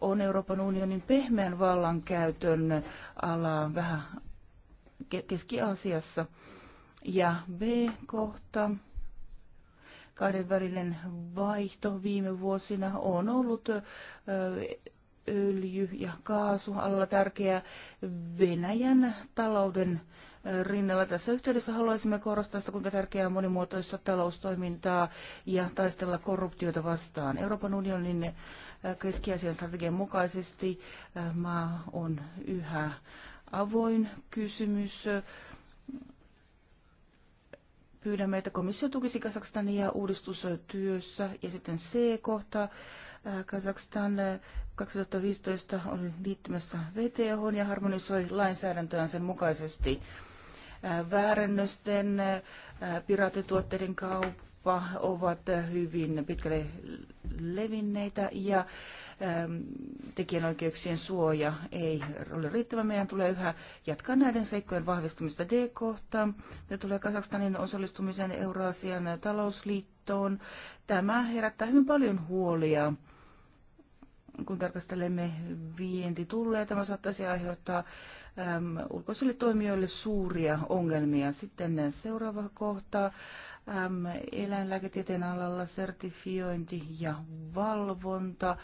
on Euroopan unionin pehmeän vallankäytön ala vähän Keski-Aasiassa. Ja B-kohta välinen vaihto viime vuosina on ollut öljy- ja kaasualalla tärkeä Venäjän talouden rinnalla. Tässä yhteydessä haluaisimme korostaa sitä, kuinka tärkeää on monimuotoista taloustoimintaa ja taistella korruptiota vastaan. Euroopan unionin keskiasian strategian mukaisesti maa on yhä avoin kysymys pyydämme, että komissio tukisi Kazakstania uudistustyössä. Ja sitten C-kohta. Äh, Kazakstan 2015 äh, on liittymässä VTH ja harmonisoi lainsäädäntöään sen mukaisesti. Äh, väärännösten piraatituotteiden kauppa ovat hyvin pitkälle levinneitä ja tekijänoikeuksien suoja ei ole riittävä. Meidän tulee yhä jatkaa näiden seikkojen vahvistumista D-kohtaan. Me tulee Kasakstanin osallistumisen Euroasian talousliittoon, tämä herättää hyvin paljon huolia kun tarkastelemme vientitulleja, tämä saattaisi aiheuttaa ulkoisille toimijoille suuria ongelmia. Sitten seuraava kohta, eläinlääketieteen alalla sertifiointi ja valvonta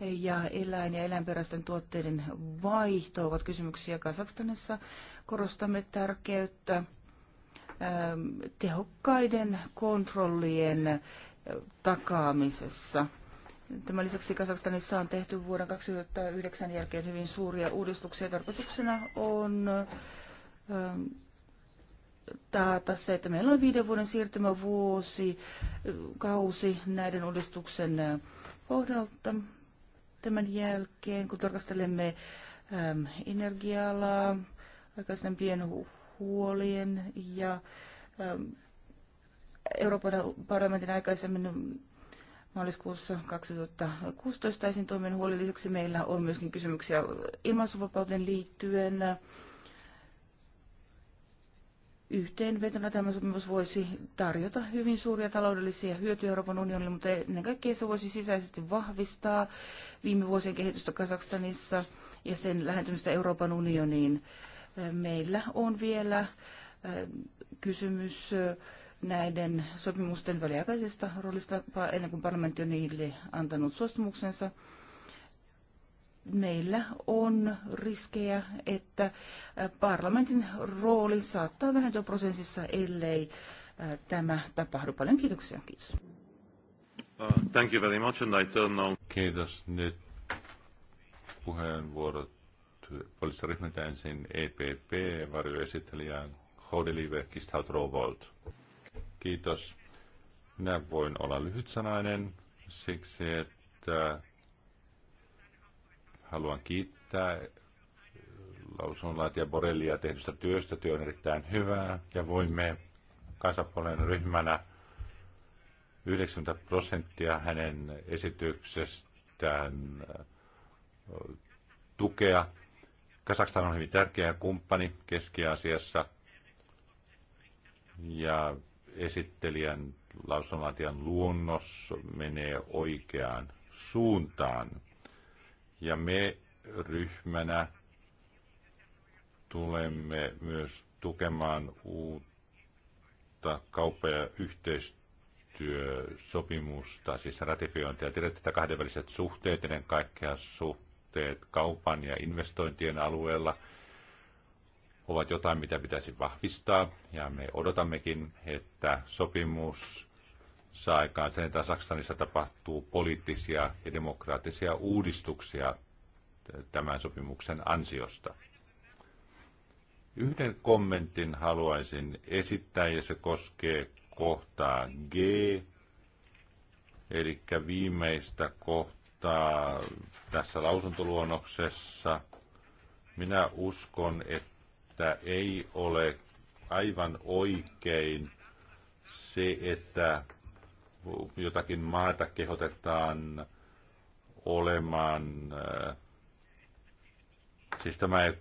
ja eläin- ja eläinperäisten tuotteiden vaihto ovat kysymyksiä Kazakstanissa. Korostamme tärkeyttä tehokkaiden kontrollien takaamisessa. Tämän lisäksi Kazakstanissa on tehty vuoden 2009 jälkeen hyvin suuria uudistuksia. Tarkoituksena on taata se, että meillä on viiden vuoden siirtymävuosi, kausi näiden uudistuksen kohdalta tämän jälkeen, kun tarkastelemme äm, energialaa, aikaisempien huolien ja Euroopan parlamentin aikaisemmin maaliskuussa 2016 esiin toimen huolen lisäksi meillä on myöskin kysymyksiä ilmaisuvapauteen liittyen, yhteenvetona tämä sopimus voisi tarjota hyvin suuria taloudellisia hyötyjä Euroopan unionille, mutta ennen kaikkea se voisi sisäisesti vahvistaa viime vuosien kehitystä Kazakstanissa ja sen lähentymistä Euroopan unioniin. Äh, meillä on vielä äh, kysymys äh, näiden sopimusten väliaikaisesta roolista ennen kuin parlamentti on niille antanut suostumuksensa meillä on riskejä, että parlamentin rooli saattaa vähentyä prosessissa, ellei tämä tapahdu. Paljon kiitoksia. Kiitos. Uh, thank you very much and I turn now. Kiitos. Nyt puheenvuorot ryhmän ensin EPP, varjoesittelijä Hodelive Kistaut Rovolt. Kiitos. Minä voin olla lyhytsanainen siksi, että Haluan kiittää lausunnonlaatija Borellia tehdystä työstä. Työ on erittäin hyvää ja voimme kansanpuolen ryhmänä 90 prosenttia hänen esityksestään tukea. Kasakstan on hyvin tärkeä kumppani keskiasiassa ja esittelijän lausunnonlaatijan luonnos menee oikeaan suuntaan. Ja me ryhmänä tulemme myös tukemaan uutta kauppa- ja yhteistyösopimusta, siis ratifiointia. Tiedätte, että kahdenväliset suhteet, ennen kaikkea suhteet kaupan ja investointien alueella, ovat jotain, mitä pitäisi vahvistaa. Ja me odotammekin, että sopimus saa aikaan sen, että Saksanissa tapahtuu poliittisia ja demokraattisia uudistuksia tämän sopimuksen ansiosta. Yhden kommentin haluaisin esittää ja se koskee kohtaa G, eli viimeistä kohtaa tässä lausuntoluonnoksessa. Minä uskon, että ei ole aivan oikein se, että jotakin maata kehotetaan olemaan, äh, siis tämä ei,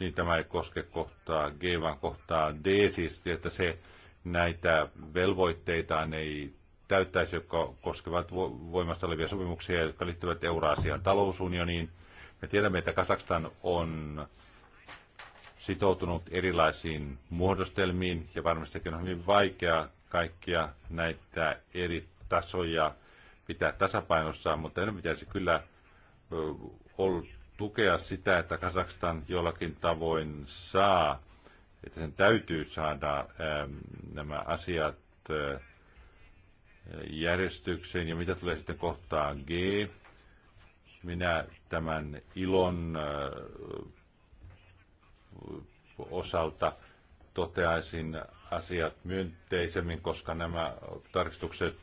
niin tämä ei koske kohtaa G, vaan kohtaa D, siis että se näitä velvoitteitaan ei täyttäisi, jotka koskevat voimassa olevia sopimuksia, jotka liittyvät Euraasian talousunioniin. Me tiedämme, että Kasakstan on sitoutunut erilaisiin muodostelmiin ja varmastikin on hyvin vaikea kaikkia näitä eri tasoja pitää tasapainossa, mutta en pitäisi kyllä tukea sitä, että Kazakstan jollakin tavoin saa, että sen täytyy saada nämä asiat järjestykseen. Ja mitä tulee sitten kohtaan G, minä tämän ilon osalta toteaisin asiat myönteisemmin, koska nämä tarkistukset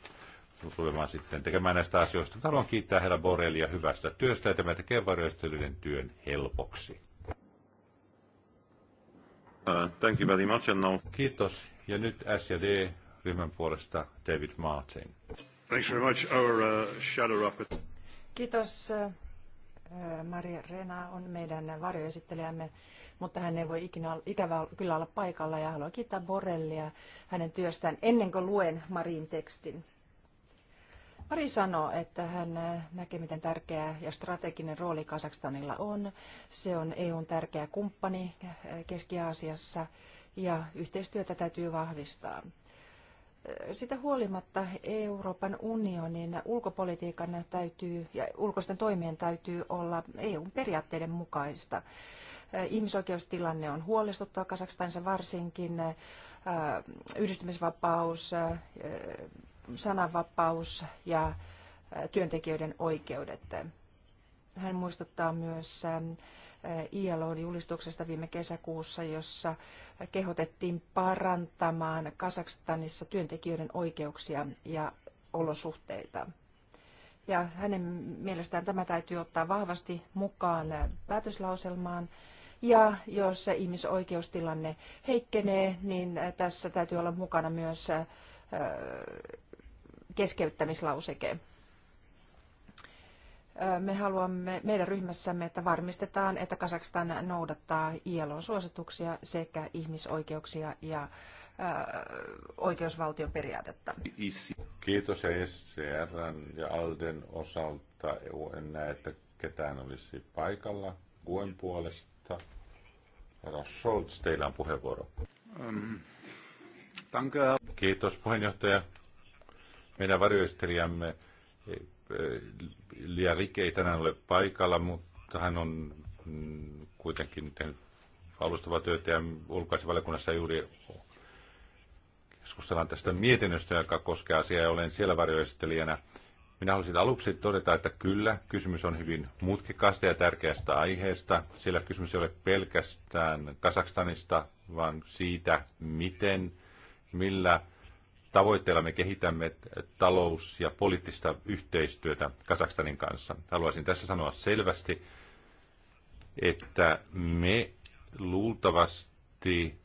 tulemaan sitten tekemään näistä asioista. Haluan kiittää herra Borelia hyvästä työstä ja tämä tekee varjoistelijoiden työn helpoksi. Uh, thank you very much and now... Kiitos. Ja nyt S&D ryhmän puolesta David Martin. Thanks very much. Our, uh, shadow Kiitos. Uh, Maria Rena on meidän varjoesittelijämme, mutta hän ei voi ikinä, ikävä kyllä olla paikalla ja haluan kiittää Borellia hänen työstään ennen kuin luen Marin tekstin. Mari sanoo, että hän äh, näkee, miten tärkeä ja strateginen rooli Kazakstanilla on. Se on EUn tärkeä kumppani Keski-Aasiassa ja yhteistyötä täytyy vahvistaa sitä huolimatta Euroopan unionin ulkopolitiikan täytyy ja ulkoisten toimien täytyy olla EUn periaatteiden mukaista. Äh, ihmisoikeustilanne on huolestuttava Kasakstanissa varsinkin, äh, yhdistymisvapaus, äh, sananvapaus ja työntekijöiden oikeudet. Hän muistuttaa myös ähm, ILOn julistuksesta viime kesäkuussa, jossa kehotettiin parantamaan Kasakstanissa työntekijöiden oikeuksia ja olosuhteita. Ja hänen mielestään tämä täytyy ottaa vahvasti mukaan päätöslauselmaan. Ja jos se ihmisoikeustilanne heikkenee, niin tässä täytyy olla mukana myös äh, keskeyttämislauseke me haluamme meidän ryhmässämme, että varmistetaan, että Kazakstan noudattaa ILOn suosituksia sekä ihmisoikeuksia ja ää, oikeusvaltion periaatetta. Kiitos ja SCR ja Alden osalta. En näe, että ketään olisi paikalla Kuen puolesta. Herra Scholz, teillä on puheenvuoro. Ähm, Kiitos puheenjohtaja. Meidän varjoistelijamme Äh, Lia Rike ei tänään ole paikalla, mutta hän on mm, kuitenkin tehnyt alustavaa työtä ja ulkoasivaliokunnassa juuri keskustellaan tästä mietinnöstä, joka koskee asiaa ja olen siellä varjoesittelijänä. Minä haluaisin aluksi todeta, että kyllä, kysymys on hyvin mutkikasta ja tärkeästä aiheesta, sillä kysymys ei ole pelkästään Kasakstanista, vaan siitä, miten, millä tavoitteella me kehitämme talous- ja poliittista yhteistyötä Kasakstanin kanssa. Haluaisin tässä sanoa selvästi, että me luultavasti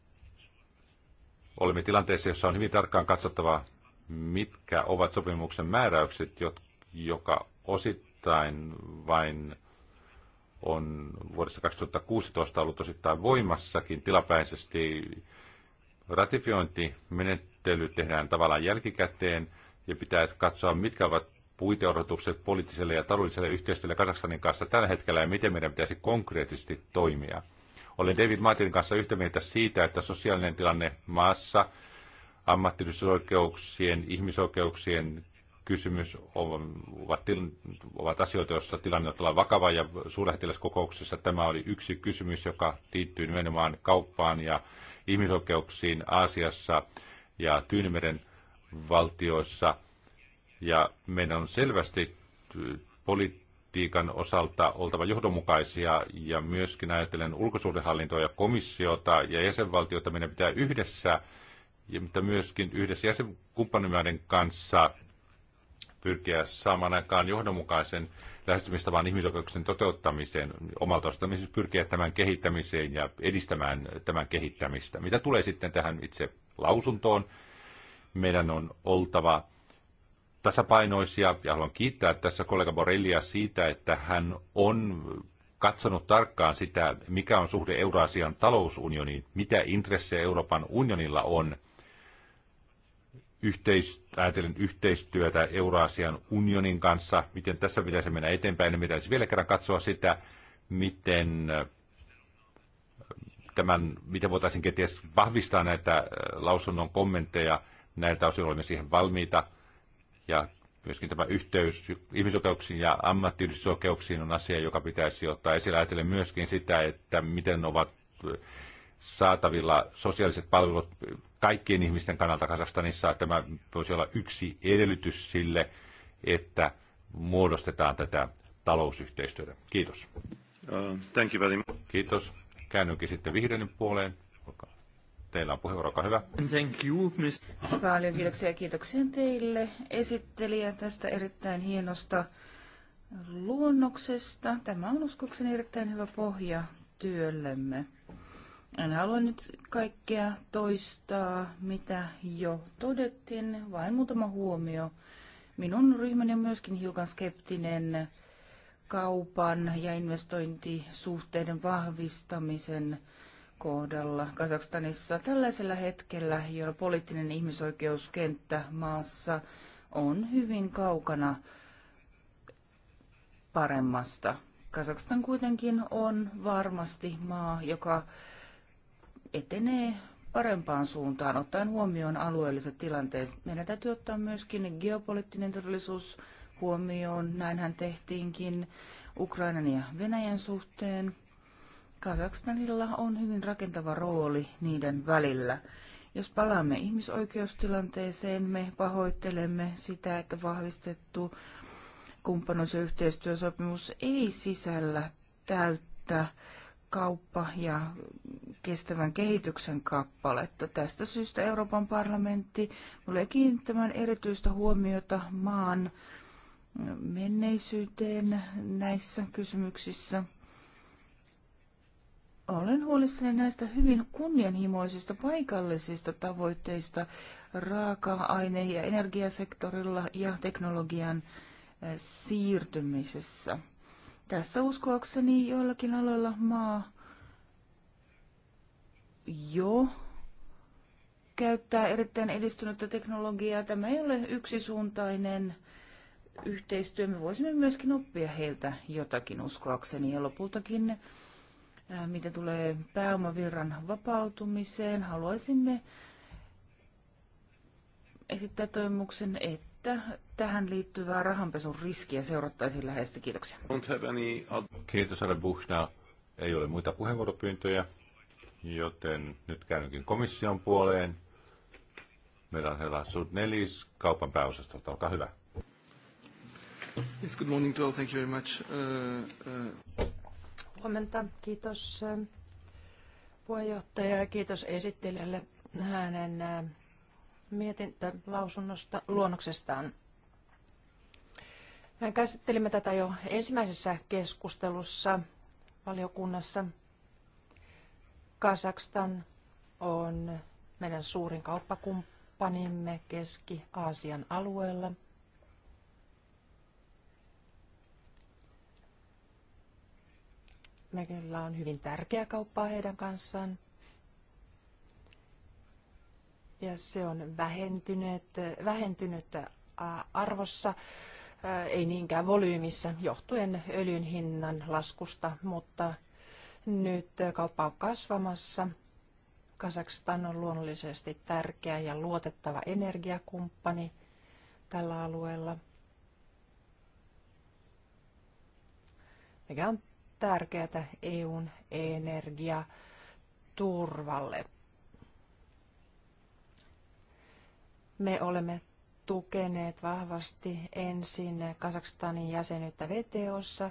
olemme tilanteessa, jossa on hyvin tarkkaan katsottava, mitkä ovat sopimuksen määräykset, joka osittain vain on vuodesta 2016 ollut osittain voimassakin tilapäisesti ratifiointimenettely käsittely tehdään tavallaan jälkikäteen ja pitää katsoa, mitkä ovat puiteodotukset poliittiselle ja taloudelliselle yhteistyölle Kazakstanin kanssa tällä hetkellä ja miten meidän pitäisi konkreettisesti toimia. Olen David Martin kanssa yhtä mieltä siitä, että sosiaalinen tilanne maassa, ammattilaisoikeuksien, ihmisoikeuksien kysymys ovat, ovat asioita, joissa tilanne on vakava ja suurlähettiläskokouksessa tämä oli yksi kysymys, joka liittyy nimenomaan kauppaan ja ihmisoikeuksiin Aasiassa ja Tyynimeren valtioissa. Ja meidän on selvästi politiikan osalta oltava johdonmukaisia ja myöskin ajatellen ulkosuhdehallintoa ja komissiota ja jäsenvaltiota meidän pitää yhdessä ja mutta myöskin yhdessä jäsenkumppanimaiden kanssa pyrkiä saamaan aikaan johdonmukaisen lähestymistavan ihmisoikeuksien toteuttamiseen omalta osaltaan, siis pyrkiä tämän kehittämiseen ja edistämään tämän kehittämistä. Mitä tulee sitten tähän itse lausuntoon. Meidän on oltava tasapainoisia ja haluan kiittää tässä kollega Borrellia siitä, että hän on katsonut tarkkaan sitä, mikä on suhde Eurasian talousunioniin, mitä intressejä Euroopan unionilla on ajatellen yhteistyötä Eurasian unionin kanssa, miten tässä pitäisi mennä eteenpäin, niin pitäisi vielä kerran katsoa sitä, miten tämän, miten voitaisiin kenties vahvistaa näitä äh, lausunnon kommentteja. Näiltä osin olemme siihen valmiita. Ja myöskin tämä yhteys ihmisoikeuksiin ja ammattiyhdistysoikeuksiin on asia, joka pitäisi ottaa esille. Ajatellen myöskin sitä, että miten ovat äh, saatavilla sosiaaliset palvelut kaikkien ihmisten kannalta Kasastanissa. Tämä voisi olla yksi edellytys sille, että muodostetaan tätä talousyhteistyötä. Kiitos. Uh, thank you very much. Kiitos käännynkin sitten vihreiden puoleen. Teillä on puheenvuoro, olkaa hyvä. Thank you, miss. Paljon kiitoksia ja kiitoksia teille esittelijä tästä erittäin hienosta luonnoksesta. Tämä on uskokseni erittäin hyvä pohja työllemme. En halua nyt kaikkea toistaa, mitä jo todettiin, vain muutama huomio. Minun ryhmäni on myöskin hiukan skeptinen kaupan ja investointisuhteiden vahvistamisen kohdalla Kazakstanissa tällaisella hetkellä, jolla poliittinen ihmisoikeuskenttä maassa on hyvin kaukana paremmasta. Kazakstan kuitenkin on varmasti maa, joka etenee parempaan suuntaan, ottaen huomioon alueelliset tilanteet. Meidän täytyy ottaa myöskin geopoliittinen todellisuus huomioon. Näinhän tehtiinkin Ukrainan ja Venäjän suhteen. Kazakstanilla on hyvin rakentava rooli niiden välillä. Jos palaamme ihmisoikeustilanteeseen, me pahoittelemme sitä, että vahvistettu kumppanuus- ja yhteistyösopimus ei sisällä täyttä kauppa- ja kestävän kehityksen kappaletta. Tästä syystä Euroopan parlamentti tulee kiinnittämään erityistä huomiota maan menneisyyteen näissä kysymyksissä. Olen huolissani näistä hyvin kunnianhimoisista paikallisista tavoitteista raaka-aine- ja energiasektorilla ja teknologian eh, siirtymisessä. Tässä uskoakseni joillakin aloilla maa jo käyttää erittäin edistynyttä teknologiaa. Tämä ei ole yksisuuntainen äh, yhteistyö. Me voisimme myöskin oppia heiltä jotakin uskoakseni ja lopultakin, äh, mitä tulee pääomavirran vapautumiseen, haluaisimme esittää toimuksen, että tähän liittyvää rahanpesun riskiä seurattaisiin läheistä. Kiitoksia. Kiitos, Arne Buchna. Ei ole muita puheenvuoropyyntöjä, joten nyt käynkin komission puoleen. Meillä on herra Sudnelis kaupan pääosastolta. Olkaa hyvä. Yes, good morning to all. Thank you very much. Uh, uh, Huomenta. Kiitos puheenjohtaja ja kiitos esittelijälle hänen mietintölausunnosta luonnoksestaan. Käsittelimme tätä jo ensimmäisessä keskustelussa valiokunnassa. Kasakstan on meidän suurin kauppakumppanimme Keski-Aasian alueella – Meillä on hyvin tärkeä kauppaa heidän kanssaan. Ja se on vähentynyt, vähentynyt arvossa, äh, ei niinkään volyymissa, johtuen öljyn hinnan laskusta, mutta nyt kauppa on kasvamassa. Kasakstan on luonnollisesti tärkeä ja luotettava energiakumppani tällä alueella. mikä on tärkeätä EUn energiaturvalle. Me olemme tukeneet vahvasti ensin Kazakstanin jäsenyyttä VTOssa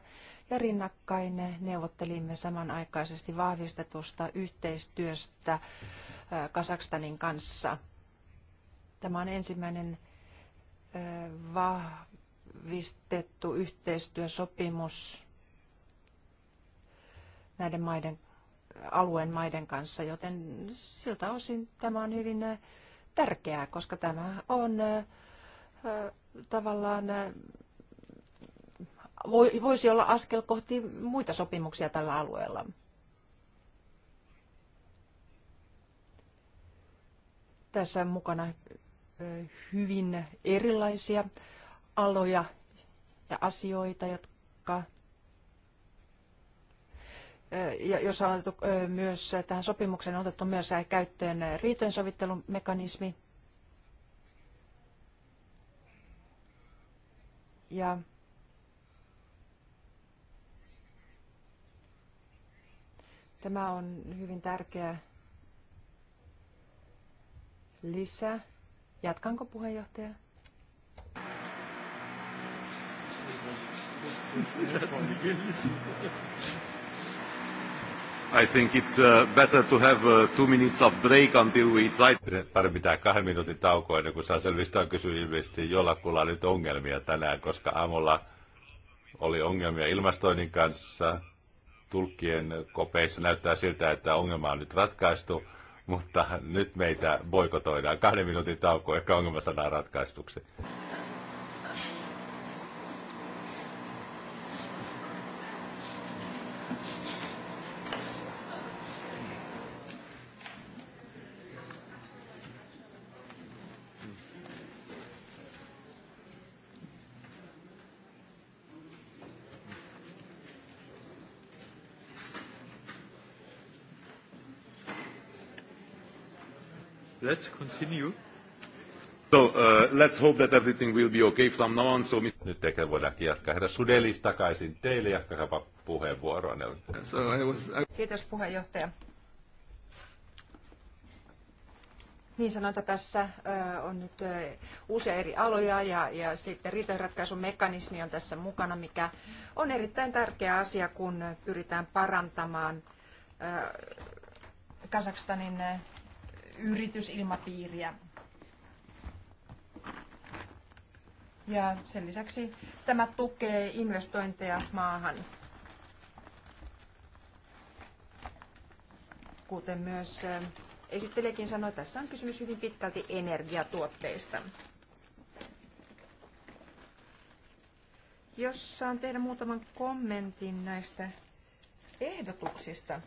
ja rinnakkain neuvottelimme samanaikaisesti vahvistetusta yhteistyöstä Kazakstanin kanssa. Tämä on ensimmäinen vahvistettu yhteistyösopimus näiden maiden, alueen maiden kanssa, joten siltä osin tämä on hyvin äh, tärkeää, koska tämä on äh, äh, tavallaan voisi olla askel kohti muita sopimuksia tällä alueella. Tässä on mukana hyvin erilaisia aloja ja asioita, jotka jossa on otettu myös tähän sopimukseen on otettu myös käyttöön riitojen sovittelumekanismi. Ja tämä on hyvin tärkeä lisä. Jatkanko puheenjohtaja? I think it's uh, better to have uh, two minutes of break until we try. Parempi pitää kahden minuutin taukoa ennen kuin saa selvistää kysyä ilmeisesti jollakulla nyt ongelmia tänään, koska aamulla oli ongelmia ilmastoinnin kanssa. Tulkkien kopeissa näyttää siltä, että ongelma on nyt ratkaistu, mutta nyt meitä boikotoidaan. Kahden minuutin tauko, ehkä ongelma saadaan ratkaistuksi. let's continue. Uh, let's hope that everything will be okay from now on. Nyt ehkä voidaan jatkaa. Herra Sudelis takaisin teille. Jatkakapa puheenvuoroanne. So Kiitos puheenjohtaja. Niin sanotaan tässä on nyt uusia eri aloja ja, ja sitten riitojenratkaisumekanismi on tässä mukana, mikä on erittäin tärkeä asia, kun pyritään parantamaan Kasakstanin yritysilmapiiriä. Ja sen lisäksi tämä tukee investointeja maahan, kuten myös esittelijäkin sanoi, tässä on kysymys hyvin pitkälti energiatuotteista. Jos saan tehdä muutaman kommentin näistä ehdotuksista,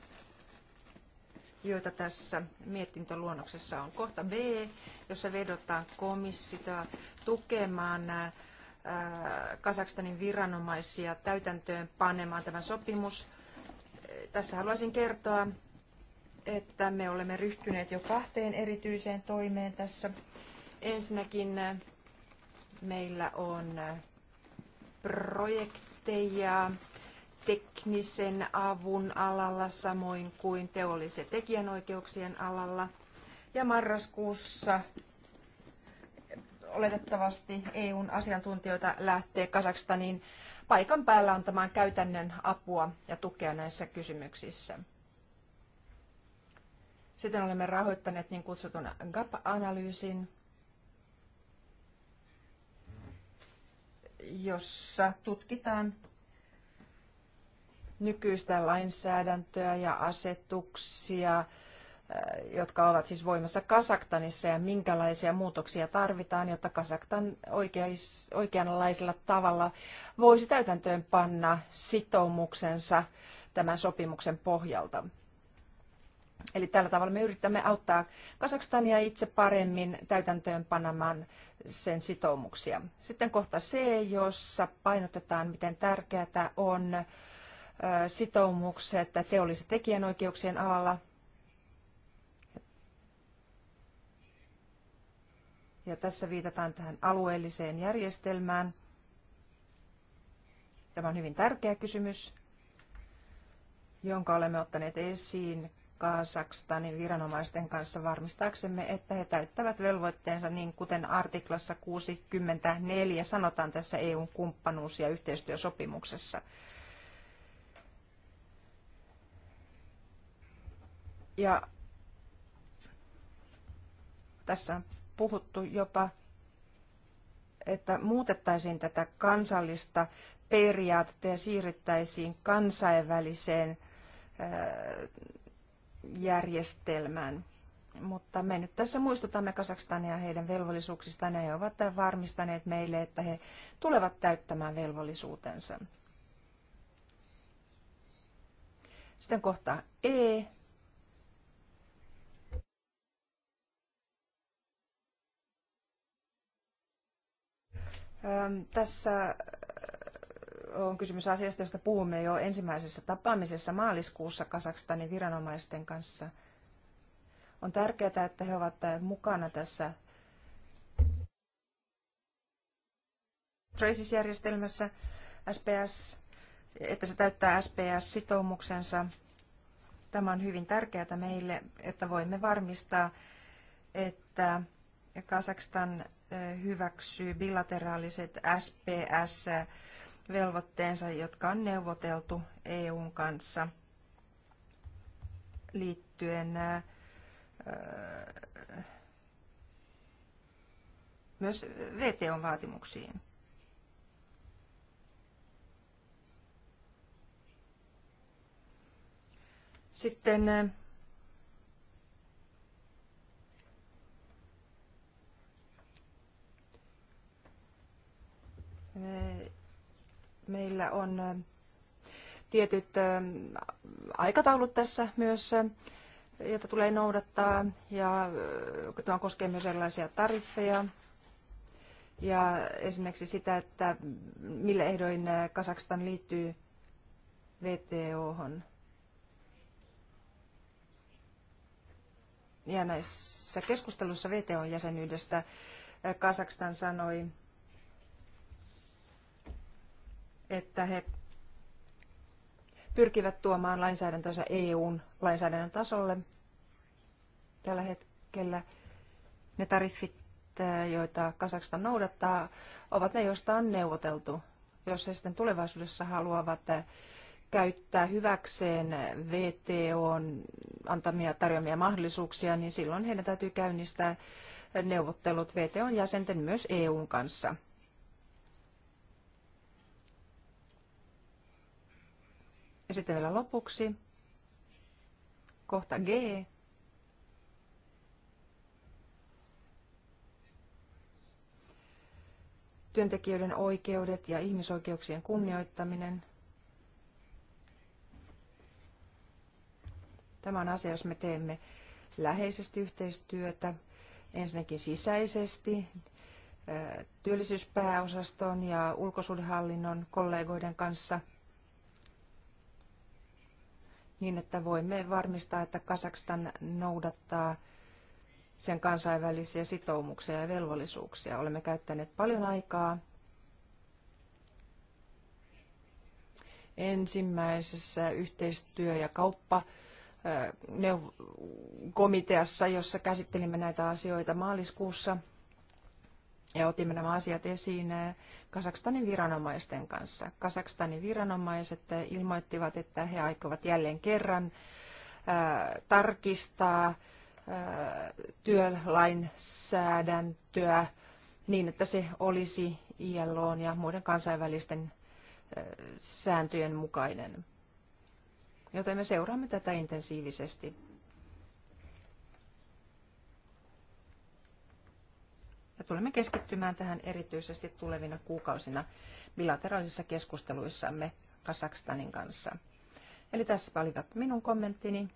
joita tässä mietintöluonnoksessa on. Kohta B, jossa vedotaan komissiota tukemaan kasakstanin äh, Kazakstanin viranomaisia täytäntöön panemaan tämä sopimus. Tässä haluaisin kertoa, että me olemme ryhtyneet jo kahteen erityiseen toimeen tässä. Ensinnäkin äh, meillä on äh, projekteja teknisen avun alalla, samoin kuin teollis- ja tekijänoikeuksien alalla. Ja marraskuussa oletettavasti EUn asiantuntijoita lähtee Kasakstaniin paikan päällä antamaan käytännön apua ja tukea näissä kysymyksissä. Sitten olemme rahoittaneet niin kutsutun GAP-analyysin, jossa tutkitaan nykyistä lainsäädäntöä ja asetuksia, äh, jotka ovat siis voimassa Kasaktanissa ja minkälaisia muutoksia tarvitaan, jotta Kasaktan oikeais, oikeanlaisella tavalla voisi täytäntöön panna sitoumuksensa tämän sopimuksen pohjalta. Eli tällä tavalla me yritämme auttaa Kasakstania itse paremmin täytäntöön panemaan sen sitoumuksia. Sitten kohta C, jossa painotetaan, miten tärkeää on sitoumukset teollisen tekijänoikeuksien alalla. Ja tässä viitataan tähän alueelliseen järjestelmään. Tämä on hyvin tärkeä kysymys, jonka olemme ottaneet esiin Kasakstanin viranomaisten kanssa varmistaaksemme, että he täyttävät velvoitteensa niin kuten artiklassa 64 sanotaan tässä eu kumppanuus- ja yhteistyösopimuksessa. Ja tässä on puhuttu jopa, että muutettaisiin tätä kansallista periaatetta ja siirryttäisiin kansainväliseen järjestelmään. Mutta me nyt tässä muistutamme Kasakstania heidän velvollisuuksistaan ja he ovat varmistaneet meille, että he tulevat täyttämään velvollisuutensa. Sitten kohta E, Tässä on kysymys asiasta, josta puhumme jo ensimmäisessä tapaamisessa maaliskuussa Kasakstanin viranomaisten kanssa. On tärkeää, että he ovat mukana tässä Traces-järjestelmässä, SPS, että se täyttää SPS-sitoumuksensa. Tämä on hyvin tärkeää meille, että voimme varmistaa, että ja Kazakstan hyväksyy bilateraaliset SPS-velvoitteensa, jotka on neuvoteltu EUn kanssa liittyen myös VTOn vaatimuksiin. Sitten meillä on tietyt aikataulut tässä myös, joita tulee noudattaa, ja tämä koskee myös erilaisia tariffeja, ja esimerkiksi sitä, että millä ehdoin Kasakstan liittyy VTOhon. Ja näissä keskustelussa VTO-jäsenyydestä Kasakstan sanoi, että he pyrkivät tuomaan lainsäädäntönsä EUn lainsäädännön tasolle. Tällä hetkellä ne tariffit, joita Kasakstan noudattaa, ovat ne, joista on neuvoteltu. Jos he sitten tulevaisuudessa haluavat käyttää hyväkseen VTOn antamia tarjoamia mahdollisuuksia, niin silloin heidän täytyy käynnistää neuvottelut VTOn jäsenten myös EUn kanssa. sitten vielä lopuksi kohta G. Työntekijöiden oikeudet ja ihmisoikeuksien kunnioittaminen. Tämä on asia, jos me teemme läheisesti yhteistyötä, ensinnäkin sisäisesti työllisyyspääosaston ja ulkosuudenhallinnon kollegoiden kanssa – niin että voimme varmistaa, että Kasakstan noudattaa sen kansainvälisiä sitoumuksia ja velvollisuuksia. Olemme käyttäneet paljon aikaa ensimmäisessä yhteistyö- ja kauppa äh, komiteassa, jossa käsittelimme näitä asioita maaliskuussa – ja otimme nämä asiat esiin eh, Kasakstanin viranomaisten kanssa. Kasakstanin viranomaiset eh, ilmoittivat, että he aikovat jälleen kerran ää, eh, tarkistaa ää, työlainsäädäntöä niin, että se olisi ILO ja muiden kansainvälisten ää, sääntöjen mukainen. Joten me seuraamme tätä intensiivisesti. tulemme keskittymään tähän erityisesti tulevina kuukausina bilateraalisissa keskusteluissamme Kasakstanin kanssa. Eli tässä valitat minun kommenttini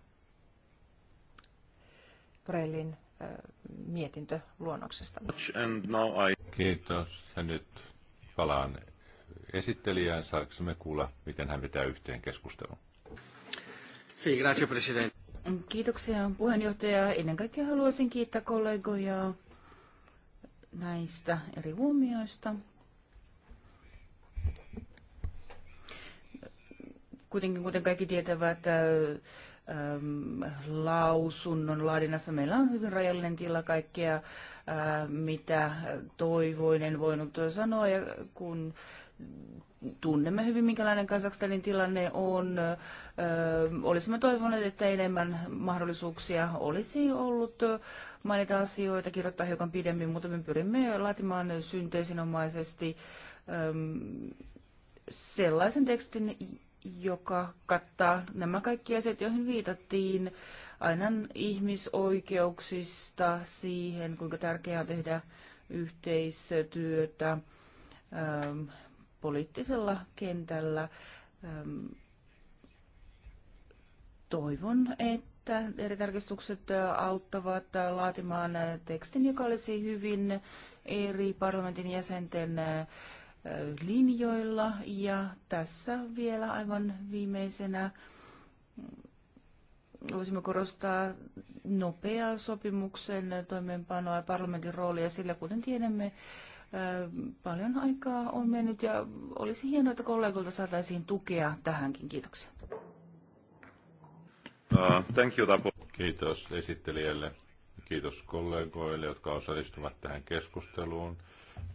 Borellin mietintö luonnoksesta. Kiitos. Ja nyt palaan esittelijään. Saaksemme kuulla, miten hän vetää yhteen keskustelun. Kiitoksia puheenjohtaja. Ennen kaikkea haluaisin kiittää kollegoja näistä eri huomioista. Kuitenkin, kuten kaikki tietävät, äh, ähm, lausunnon laadinnassa meillä on hyvin rajallinen tila kaikkea, äh, mitä toivoinen voinut sanoa, ja kun tunnemme hyvin, minkälainen Kazakstanin tilanne on. olisimme toivoneet, että enemmän mahdollisuuksia olisi ollut mainita asioita, kirjoittaa hiukan pidemmin, mutta me pyrimme laatimaan synteesinomaisesti sellaisen tekstin, joka kattaa nämä kaikki asiat, joihin viitattiin, aina ihmisoikeuksista siihen, kuinka tärkeää on tehdä yhteistyötä, poliittisella kentällä. Toivon, että eri tarkistukset auttavat laatimaan tekstin, joka olisi hyvin eri parlamentin jäsenten linjoilla. Ja tässä vielä aivan viimeisenä mm, voisimme korostaa nopeaa sopimuksen toimeenpanoa ja parlamentin roolia, sillä kuten tiedämme, Paljon aikaa on mennyt ja olisi hienoa, että kollegoilta saataisiin tukea tähänkin. Kiitoksia. Uh, thank you, Kiitos esittelijälle. Kiitos kollegoille, jotka osallistuvat tähän keskusteluun.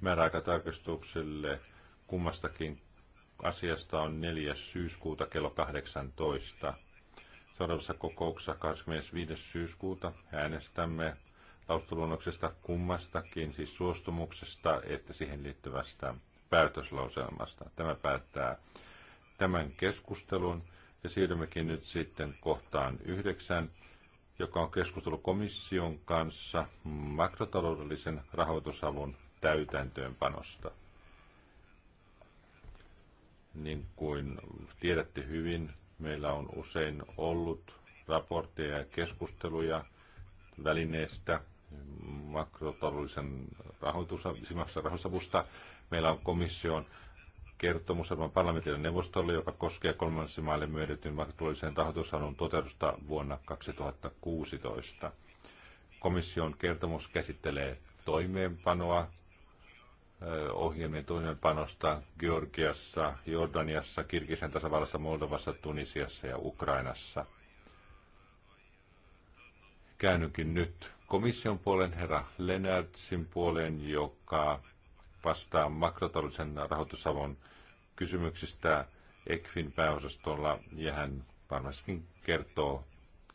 Määräaikatarkistukselle kummastakin asiasta on 4. syyskuuta kello 18. Seuraavassa kokouksessa 25. syyskuuta äänestämme taustaluonnoksesta kummastakin, siis suostumuksesta että siihen liittyvästä päätöslauselmasta. Tämä päättää tämän keskustelun ja siirrymmekin nyt sitten kohtaan yhdeksän, joka on keskustelu komission kanssa makrotaloudellisen rahoitusavun täytäntöönpanosta. Niin kuin tiedätte hyvin, meillä on usein ollut raportteja ja keskusteluja välineestä, makrotaloudellisen rahoitusavusta. Meillä on komission kertomus Euroopan parlamentille neuvostolle, joka koskee kolmansien maille myönnetyn makrotaloudellisen rahoitusavun toteutusta vuonna 2016. Komission kertomus käsittelee toimeenpanoa, ohjelmien toimeenpanosta Georgiassa, Jordaniassa, Kirkisen tasavallassa, Moldovassa, Tunisiassa ja Ukrainassa. Käännykin nyt komission puolen herra Lennartsin puolen, joka vastaa makrotaloudellisen rahoitusavon kysymyksistä ECFin pääosastolla, ja hän varmastikin kertoo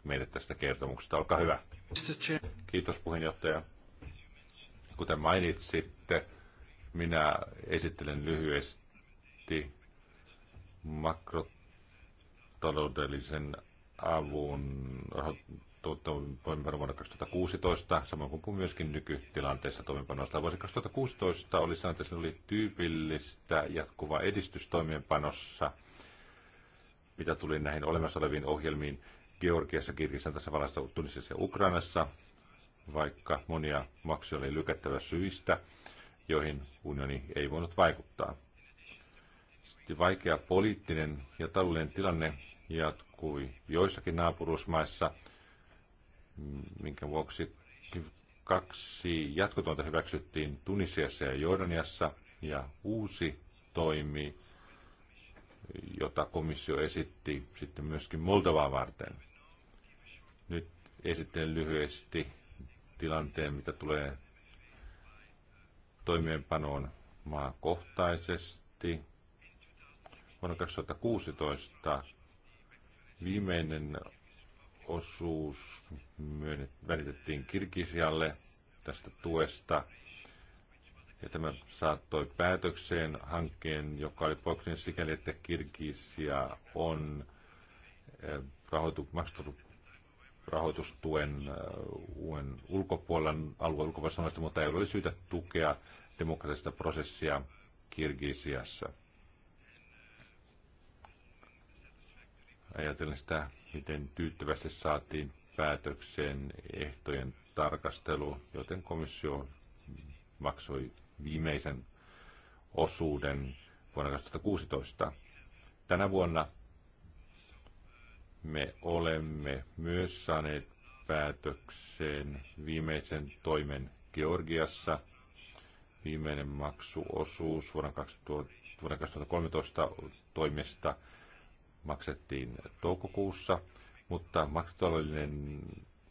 meille tästä kertomuksesta. Olkaa hyvä. Kiitos puheenjohtaja. Kuten mainitsitte, minä esittelen lyhyesti makrotaloudellisen avun toimenpanovuonna 2016, samoin kuin myöskin nykytilanteessa toimeenpanosta. Vuosi 2016 oli sanotaan, oli tyypillistä jatkuva edistys toimenpanossa, mitä tuli näihin olemassa oleviin ohjelmiin Georgiassa, Kirgistan tasavallassa, Tunisissa ja Ukrainassa, vaikka monia maksuja oli lykättävä syistä, joihin unioni ei voinut vaikuttaa. Sitten vaikea poliittinen ja taloudellinen tilanne jatkui joissakin naapurusmaissa – minkä vuoksi kaksi jatkotointa hyväksyttiin Tunisiassa ja Jordaniassa, ja uusi toimi, jota komissio esitti sitten myöskin Moldovaa varten. Nyt esittelen lyhyesti tilanteen, mitä tulee toimeenpanoon maakohtaisesti. Vuonna 2016 viimeinen osuus välitettiin Kirgisialle tästä tuesta. Ja tämä saattoi päätökseen hankkeen, joka oli poikkeuksellinen sikäli, että Kirgisia on eh, rahoitu, maksettu rahoitustuen eh, uuden ulkopuolen alueen ulkopuolella, mutta ei ole syytä tukea demokraattista prosessia Kirgisiassa. ajatellen sitä, miten tyyttävästi saatiin päätökseen ehtojen tarkastelu, joten komissio maksoi viimeisen osuuden vuonna 2016. Tänä vuonna me olemme myös saaneet päätökseen viimeisen toimen Georgiassa. Viimeinen maksuosuus vuonna 2013 toimesta maksettiin toukokuussa, mutta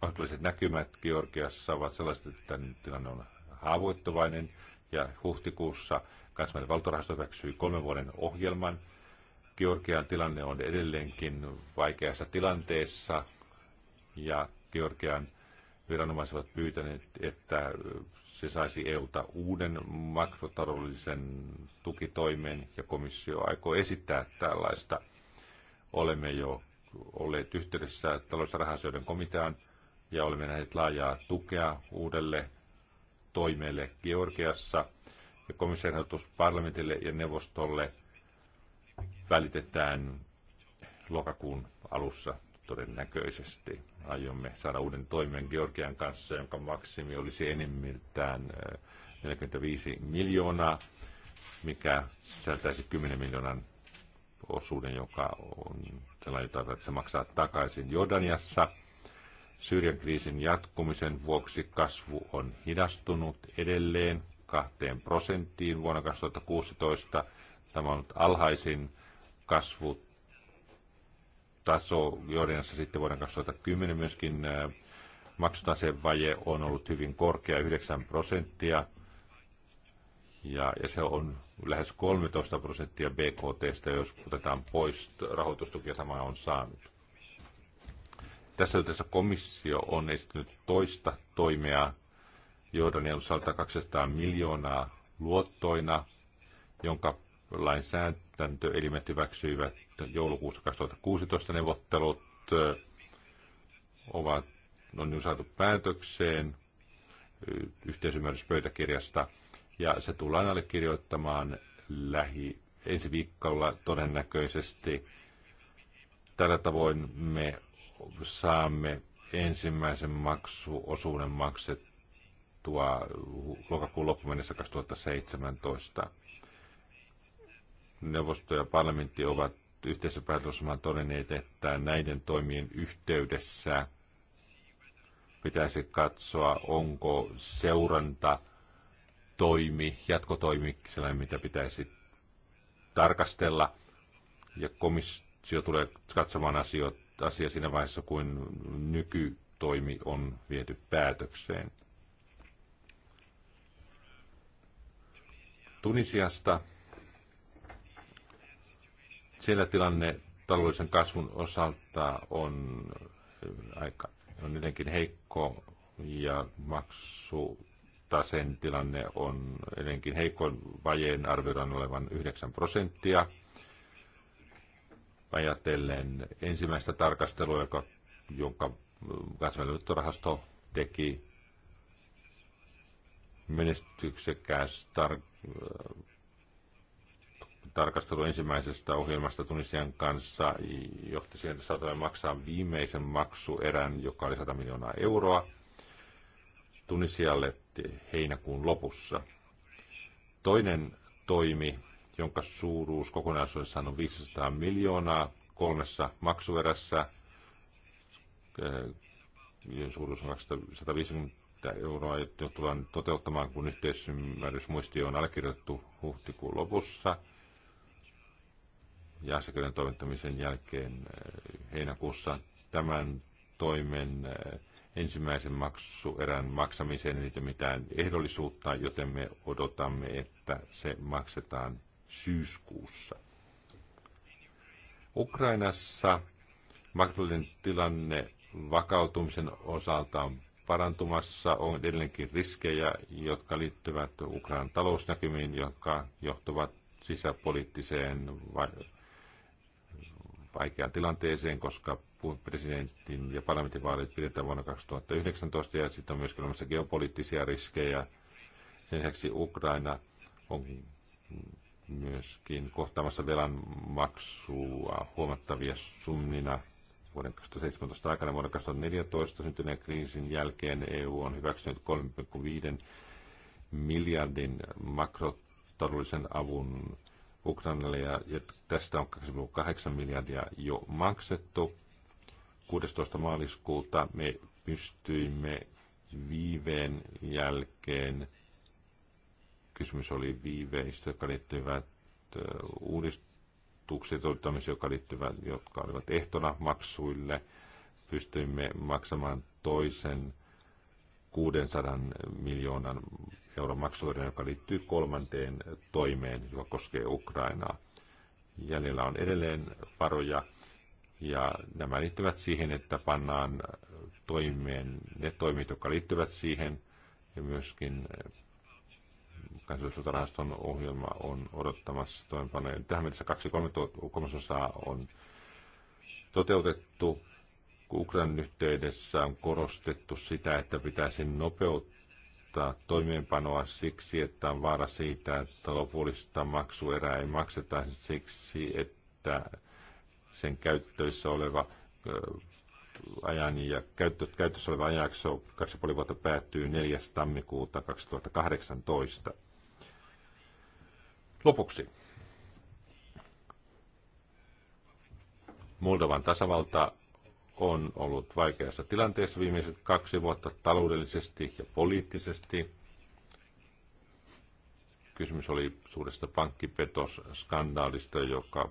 mahdolliset näkymät Georgiassa ovat sellaiset, että tilanne on haavoittuvainen ja huhtikuussa kansainvälinen valtorahasto hyväksyi kolmen vuoden ohjelman. Georgian tilanne on edelleenkin vaikeassa tilanteessa ja Georgian viranomaiset ovat pyytäneet, että se saisi EUta uuden makrotaloudellisen tukitoimen ja komissio aikoo esittää tällaista. Olemme jo olleet yhteydessä talous- ja rahasioiden komiteaan ja olemme nähneet laajaa tukea uudelle toimeelle Georgiassa. Ja komission parlamentille ja neuvostolle välitetään lokakuun alussa todennäköisesti. Aiomme saada uuden toimen Georgian kanssa, jonka maksimi olisi enimmiltään 45 miljoonaa, mikä sisältäisi 10 miljoonan osuuden, joka on sellainen, jota se maksaa takaisin Jordaniassa. Syyrian kriisin jatkumisen vuoksi kasvu on hidastunut edelleen kahteen prosenttiin vuonna 2016. Tämä on ollut alhaisin kasvutaso Jordaniassa sitten vuoden 2010 myöskin maksutaseen vaje on ollut hyvin korkea, 9 prosenttia. Ja, ja se on lähes 13 prosenttia BKTstä, jos otetaan pois rahoitustukia tämä on saanut. Tässä yhteydessä komissio on esittänyt toista toimea Jordanian osalta 200 miljoonaa luottoina, jonka lainsäädäntöelimet hyväksyivät joulukuussa 2016 neuvottelut ovat, on jo saatu päätökseen yhteisymmärryspöytäkirjasta – ja se tullaan allekirjoittamaan lähi ensi viikolla todennäköisesti. Tällä tavoin me saamme ensimmäisen maksuosuuden maksettua lokakuun loppuun mennessä 2017. Neuvosto ja parlamentti ovat yhteisöpäätösmaan todenneet, että näiden toimien yhteydessä pitäisi katsoa, onko seuranta – toimi, jatkotoimi, sellainen mitä pitäisi tarkastella. Ja komissio tulee katsomaan asiot asia siinä vaiheessa, kuin nykytoimi on viety päätökseen. Tunisiasta. Siellä tilanne taloudellisen kasvun osalta on aika on jotenkin heikko ja maksu sen tilanne on edelleenkin heikon vajeen arvioidaan olevan 9 prosenttia. Ajatellen ensimmäistä tarkastelua, joka, jonka kansainvälinen teki menestyksekäs tar- tarkastelu ensimmäisestä ohjelmasta Tunisian kanssa johti siihen, että saatoimme maksaa viimeisen maksuerän, joka oli 100 miljoonaa euroa. Tunisialle heinäkuun lopussa. Toinen toimi, jonka suuruus kokonaisuudessaan on 500 miljoonaa kolmessa maksuerässä, eh, suuruus on 150 euroa, jotta tullaan toteuttamaan, kun yhteisymmärrysmuistio on allekirjoitettu huhtikuun lopussa ja asiakirjan toimittamisen jälkeen eh, heinäkuussa tämän toimen eh, ensimmäisen maksuerän maksamiseen ei mitään ehdollisuutta, joten me odotamme, että se maksetaan syyskuussa. Ukrainassa maksullinen tilanne vakautumisen osalta on parantumassa. On edelleenkin riskejä, jotka liittyvät Ukrainan talousnäkymiin, jotka johtuvat sisäpoliittiseen vaikeaan tilanteeseen, koska presidentin ja parlamentin vaalit pidetään vuonna 2019 ja sitten on myöskin olemassa geopoliittisia riskejä. Sen lisäksi Ukraina on myöskin kohtaamassa velan maksua huomattavia summina vuoden 2017 aikana. Vuonna 2014 syntyneen kriisin jälkeen EU on hyväksynyt 3,5 miljardin makrotaloudellisen avun Ukrainalle ja, ja tästä on 8 miljardia jo maksettu. 16. maaliskuuta me pystyimme viiveen jälkeen, kysymys oli viiveistä, jotka liittyvät uudistukset, jotka, liittyvät, jotka olivat ehtona maksuille, pystyimme maksamaan toisen 600 miljoonan euron maksuerän, joka liittyy kolmanteen toimeen, joka koskee Ukrainaa. Jäljellä on edelleen varoja, ja nämä liittyvät siihen, että pannaan toimeen ne toimit, jotka liittyvät siihen, ja myöskin kansallisuusrahaston ohjelma on odottamassa toimenpanoja. Tähän mennessä kaksi kolmasosaa on toteutettu Ukrainan yhteydessä on korostettu sitä, että pitäisi nopeuttaa toimeenpanoa siksi, että on vaara siitä, että lopullista maksuerää ei makseta siksi, että sen käyttöissä oleva ajan ja käyttö, käytössä oleva ajanjakso 2,5 vuotta päättyy 4. tammikuuta 2018. Lopuksi. Moldovan tasavalta on ollut vaikeassa tilanteessa viimeiset kaksi vuotta taloudellisesti ja poliittisesti. Kysymys oli suuresta pankkipetosskandaalista, joka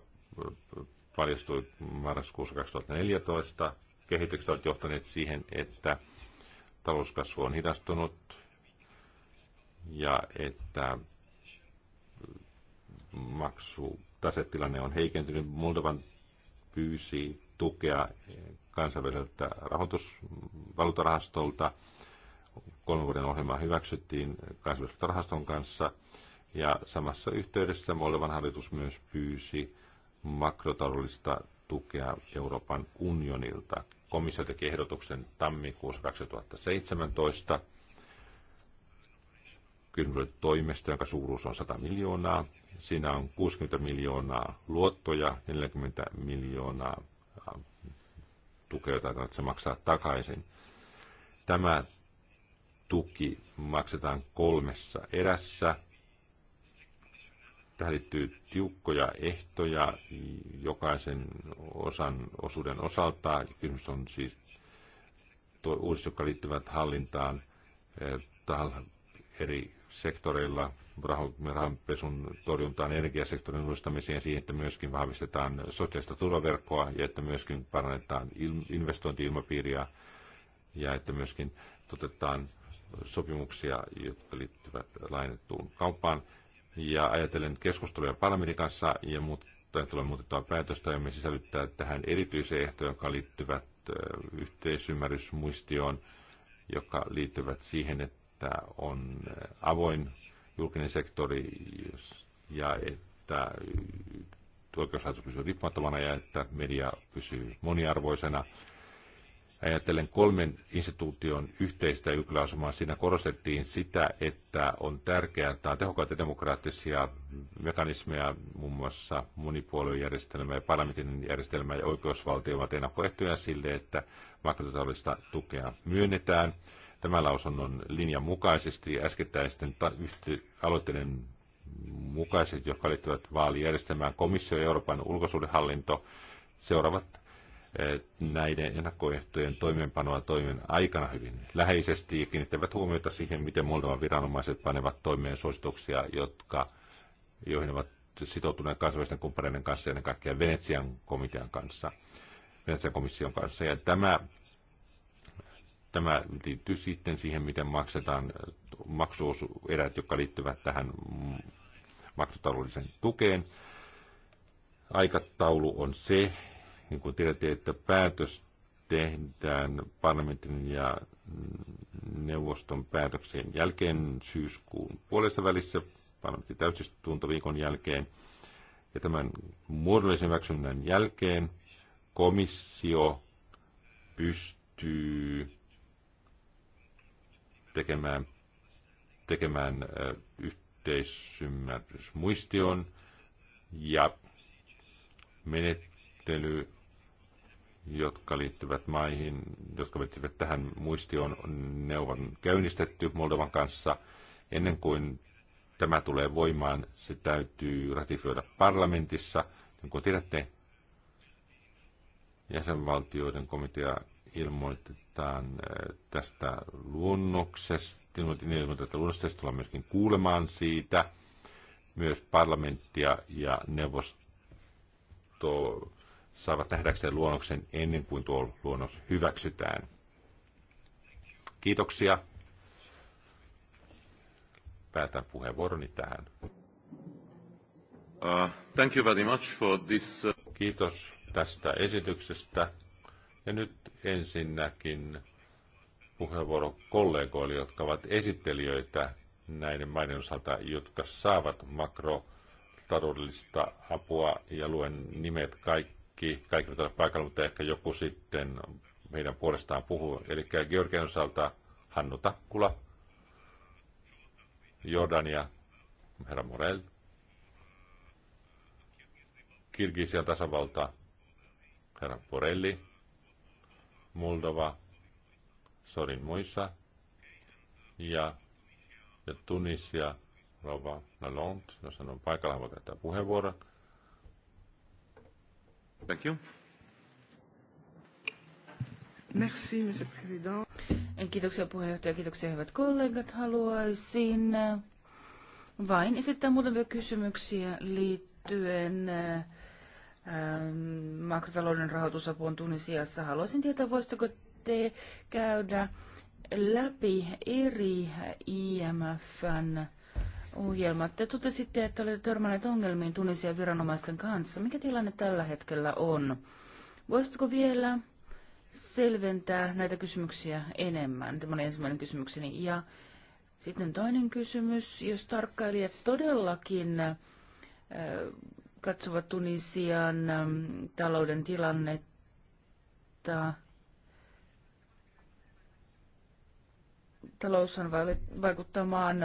paljastui marraskuussa 2014. Kehitykset ovat johtaneet siihen, että talouskasvu on hidastunut ja että maksu, tasetilanne on heikentynyt. Moldovan pyysi tukea kansainväliseltä rahoitusvaluutarahastolta. Kolmen vuoden ohjelma hyväksyttiin kansainvälisen rahaston kanssa. Ja samassa yhteydessä Moldovan hallitus myös pyysi makrotaloudellista tukea Euroopan unionilta. Komissio teki ehdotuksen tammikuussa 2017 kysymys toimesta, jonka suuruus on 100 miljoonaa. Siinä on 60 miljoonaa luottoja, 40 miljoonaa tukea, jota tarvitsee maksaa takaisin. Tämä tuki maksetaan kolmessa erässä. Tähän liittyy tiukkoja ehtoja jokaisen osan, osuuden osalta. Kysymys on siis uudistukset, jotka liittyvät hallintaan eh, eri sektoreilla, rahanpesun torjuntaan, energiasektorin uudistamiseen, siihen, että myöskin vahvistetaan sosiaalista turvaverkkoa ja että myöskin parannetaan investointiilmapiiriä ja että myöskin toteutetaan sopimuksia, jotka liittyvät lainettuun kauppaan. Ja ajatellen keskusteluja parlamentin kanssa ja muut, tulee muutettua päätöstä, ja me sisällyttää tähän erityisiä ehtoja, jotka liittyvät yhteisymmärrysmuistioon, joka liittyvät siihen, että että on äh, avoin julkinen sektori ja että oikeuslaitos pysyy riippumattomana ja että media pysyy moniarvoisena. Ajattelen kolmen instituution yhteistä julkilausumaa. Siinä korostettiin sitä, että on tärkeää, että on tehokkaita demokraattisia mekanismeja, muun muassa monipuoluejärjestelmä ja parlamentin järjestelmä ja oikeusvaltio ovat ennakkoehtoja sille, että makrotaloudellista tukea myönnetään tämän lausunnon linjan mukaisesti äskettäisten aloitteiden mukaiset, jotka liittyvät vaalijärjestelmään, komissio ja Euroopan ulkosuudenhallinto seuraavat eh, näiden ennakkoehtojen toimeenpanoa toimen aikana hyvin läheisesti ja kiinnittävät huomiota siihen, miten Moldovan viranomaiset panevat toimeen suosituksia, jotka, joihin ovat sitoutuneet kansainvälisten kumppaneiden kanssa ja ennen kaikkea Venetsian komitean kanssa, Venetsian komission kanssa. Ja tämä Tämä liittyy sitten siihen, miten maksetaan äh, maksuosuerät, jotka liittyvät tähän mm, maksutaloudellisen tukeen. Aikataulu on se, niin kuin tiedätte, että päätös tehdään parlamentin ja neuvoston päätöksen jälkeen syyskuun puolessa välissä, parlamentin viikon jälkeen. Ja tämän muodollisen hyväksynnän jälkeen komissio pystyy tekemään, tekemään yhteisymmärrysmuistion ja menettely, jotka liittyvät maihin, jotka liittyvät tähän muistioon, ne on käynnistetty Moldovan kanssa. Ennen kuin tämä tulee voimaan, se täytyy ratifioida parlamentissa. Niin kuin tiedätte, jäsenvaltioiden komitea ilmoitetaan eh, tästä luonnoksesta, ilmoitetaan että luonnoksesta, tullaan myöskin kuulemaan siitä, myös parlamenttia ja neuvosto saavat nähdäkseen luonnoksen ennen kuin tuo luonnos hyväksytään. Kiitoksia. Päätän puheenvuoroni tähän. Uh, thank you very much for this. Uh, Kiitos tästä esityksestä. Ja nyt ensinnäkin puheenvuoro kollegoille, jotka ovat esittelijöitä näiden maiden osalta, jotka saavat makrotaloudellista apua ja luen nimet kaikki, kaikki ovat paikalla, mutta ehkä joku sitten meidän puolestaan puhuu. Eli Georgian osalta Hannu Takkula, Jordania, herra Morel, Kirgisian tasavalta, herra Porelli, Moldova, Sorin muissa, ja, ja Tunisia, Rova Lalonde, jos hän on paikalla, voi käyttää puheenvuoron. Thank you. Merci, monsieur président. Kiitoksia puheenjohtaja, kiitoksia hyvät kollegat. Haluaisin vain esittää muutamia kysymyksiä liittyen äh, Ähm, makrotalouden rahoitusapuun Tunisiassa. Haluaisin tietää, voisitteko te käydä läpi eri IMFn ohjelmat. Te totesitte, että olette törmänneet ongelmiin Tunisian viranomaisten kanssa. Mikä tilanne tällä hetkellä on? Voisitko vielä selventää näitä kysymyksiä enemmän? Tämä on ensimmäinen kysymykseni. Ja sitten toinen kysymys, jos tarkkailijat todellakin äh, katsovat Tunisian talouden tilannetta. Taloushan vaikuttaa maan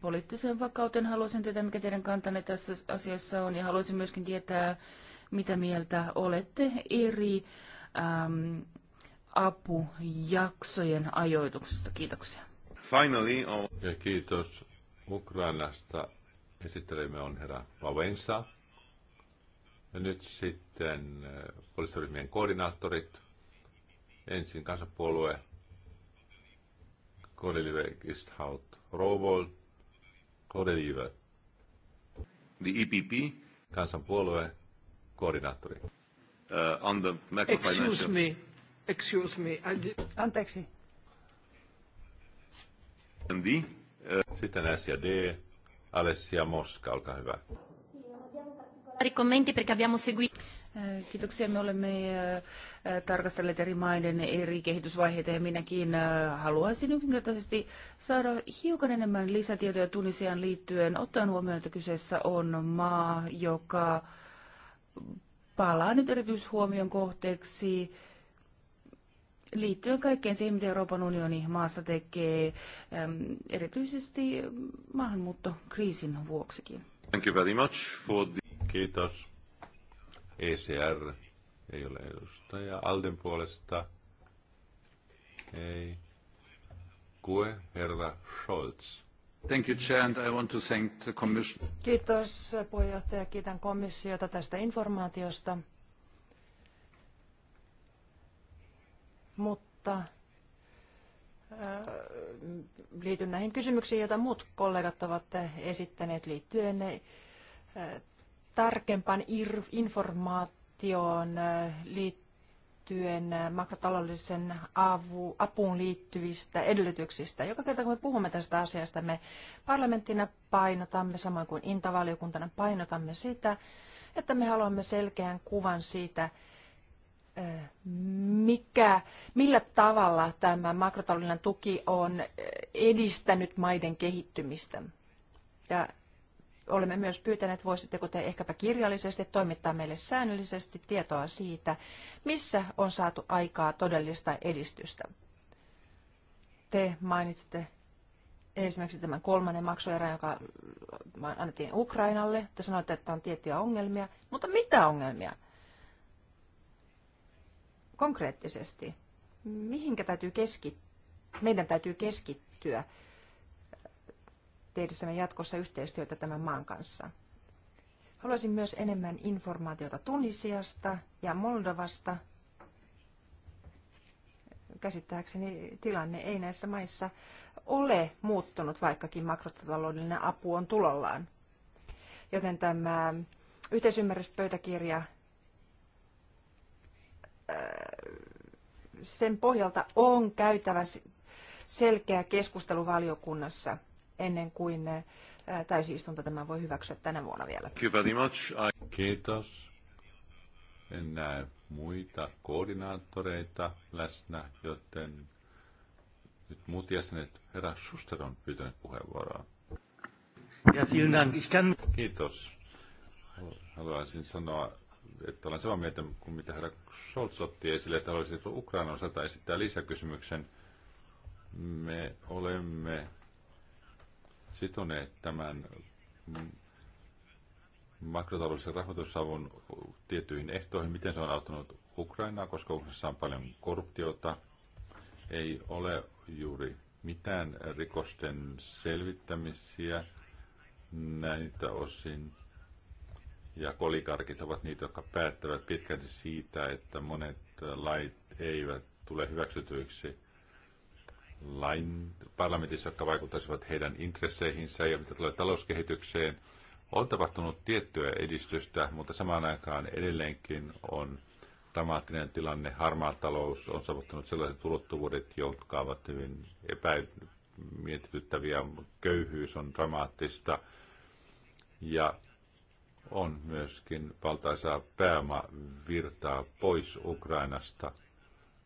poliittiseen vakauteen. Haluaisin tietää, mikä teidän kantanne tässä asiassa on ja haluaisin myöskin tietää, mitä mieltä olette eri äm, apujaksojen ajoituksesta. Kiitoksia. Finally, oh. ja kiitos Ukrainasta. Esittelemme on herra Lavensa. Nyt sitten äh, poliisiryhmien koordinaattorit. Ensin kansanpuolue Kodelive Isthaut Rovol Kodelive. The EPP. Kansanpuolue koordinaattori. Uh, on the Excuse me. Excuse me. I did... Anteeksi. And the, uh... Sitten asia D. Alessia Moska, olkaa hyvä. Eh, kiitoksia. Me olemme eh, eh, tarkastelleet eri maiden eri kehitysvaiheita ja minäkin haluaisin yksinkertaisesti saada hiukan enemmän lisätietoja Tunisiaan liittyen, ottaen huomioon, että kyseessä on maa, joka palaa nyt erityishuomion kohteeksi liittyen kaikkeen siihen, mitä Euroopan unioni maassa tekee, erityisesti maahanmuuttokriisin vuoksikin. Thank you very much for Kiitos. ECR ei ole edustaja. Alden puolesta ei. Kue, herra Scholz. Thank you, Chair, and I want to thank the Commission. Kiitos puheenjohtaja. Kiitän komissiota tästä informaatiosta. Mutta äh, liityn näihin kysymyksiin, joita muut kollegat ovat esittäneet liittyen äh, tarkempaan informaatioon liittyen makrotaloudellisen avu, apuun liittyvistä edellytyksistä. Joka kerta kun me puhumme tästä asiasta, me parlamenttina painotamme, samoin kuin intavaliokuntana painotamme sitä, että me haluamme selkeän kuvan siitä, mikä, millä tavalla tämä makrotaloudellinen tuki on edistänyt maiden kehittymistä. Ja olemme myös pyytäneet, voisitteko te ehkäpä kirjallisesti toimittaa meille säännöllisesti tietoa siitä, missä on saatu aikaa todellista edistystä. Te mainitsitte esimerkiksi tämän kolmannen maksuerän, joka annettiin Ukrainalle. Te sanoitte, että on tiettyjä ongelmia, mutta mitä ongelmia? Konkreettisesti, mihinkä täytyy keskittyä? Meidän täytyy keskittyä tehdessämme jatkossa yhteistyötä tämän maan kanssa. Haluaisin myös enemmän informaatiota Tunisiasta ja Moldovasta. Käsittääkseni tilanne ei näissä maissa ole muuttunut, vaikkakin makrotaloudellinen apu on tulollaan. Joten tämä yhteisymmärryspöytäkirja sen pohjalta on käytävä selkeä keskustelu valiokunnassa ennen kuin täysistunto tämän voi hyväksyä tänä vuonna vielä. Kiitos. En näe muita koordinaattoreita läsnä, joten nyt muut jäsenet, herra Schuster on pyytänyt puheenvuoroa. Ja vielen Dank. Ich kann... Kiitos. Haluaisin sanoa, että olen samaa mieltä kuin mitä herra Scholz otti esille, että haluaisin Ukraina osalta esittää lisäkysymyksen. Me olemme sitoneet tämän makrotaloudellisen rahoitusavun tiettyihin ehtoihin, miten se on auttanut Ukrainaa, koska Ukrainassa on paljon korruptiota, ei ole juuri mitään rikosten selvittämisiä näitä osin. Ja kolikarkit ovat niitä, jotka päättävät pitkälti siitä, että monet lait eivät tule hyväksytyiksi lain parlamentissa, jotka vaikuttaisivat heidän intresseihinsä ja mitä tulee talouskehitykseen. On tapahtunut tiettyä edistystä, mutta samaan aikaan edelleenkin on dramaattinen tilanne. Harmaa talous on saavuttanut sellaiset ulottuvuudet, jotka ovat hyvin epämietityttäviä. Köyhyys on dramaattista ja on myöskin valtaisaa pääomavirtaa pois Ukrainasta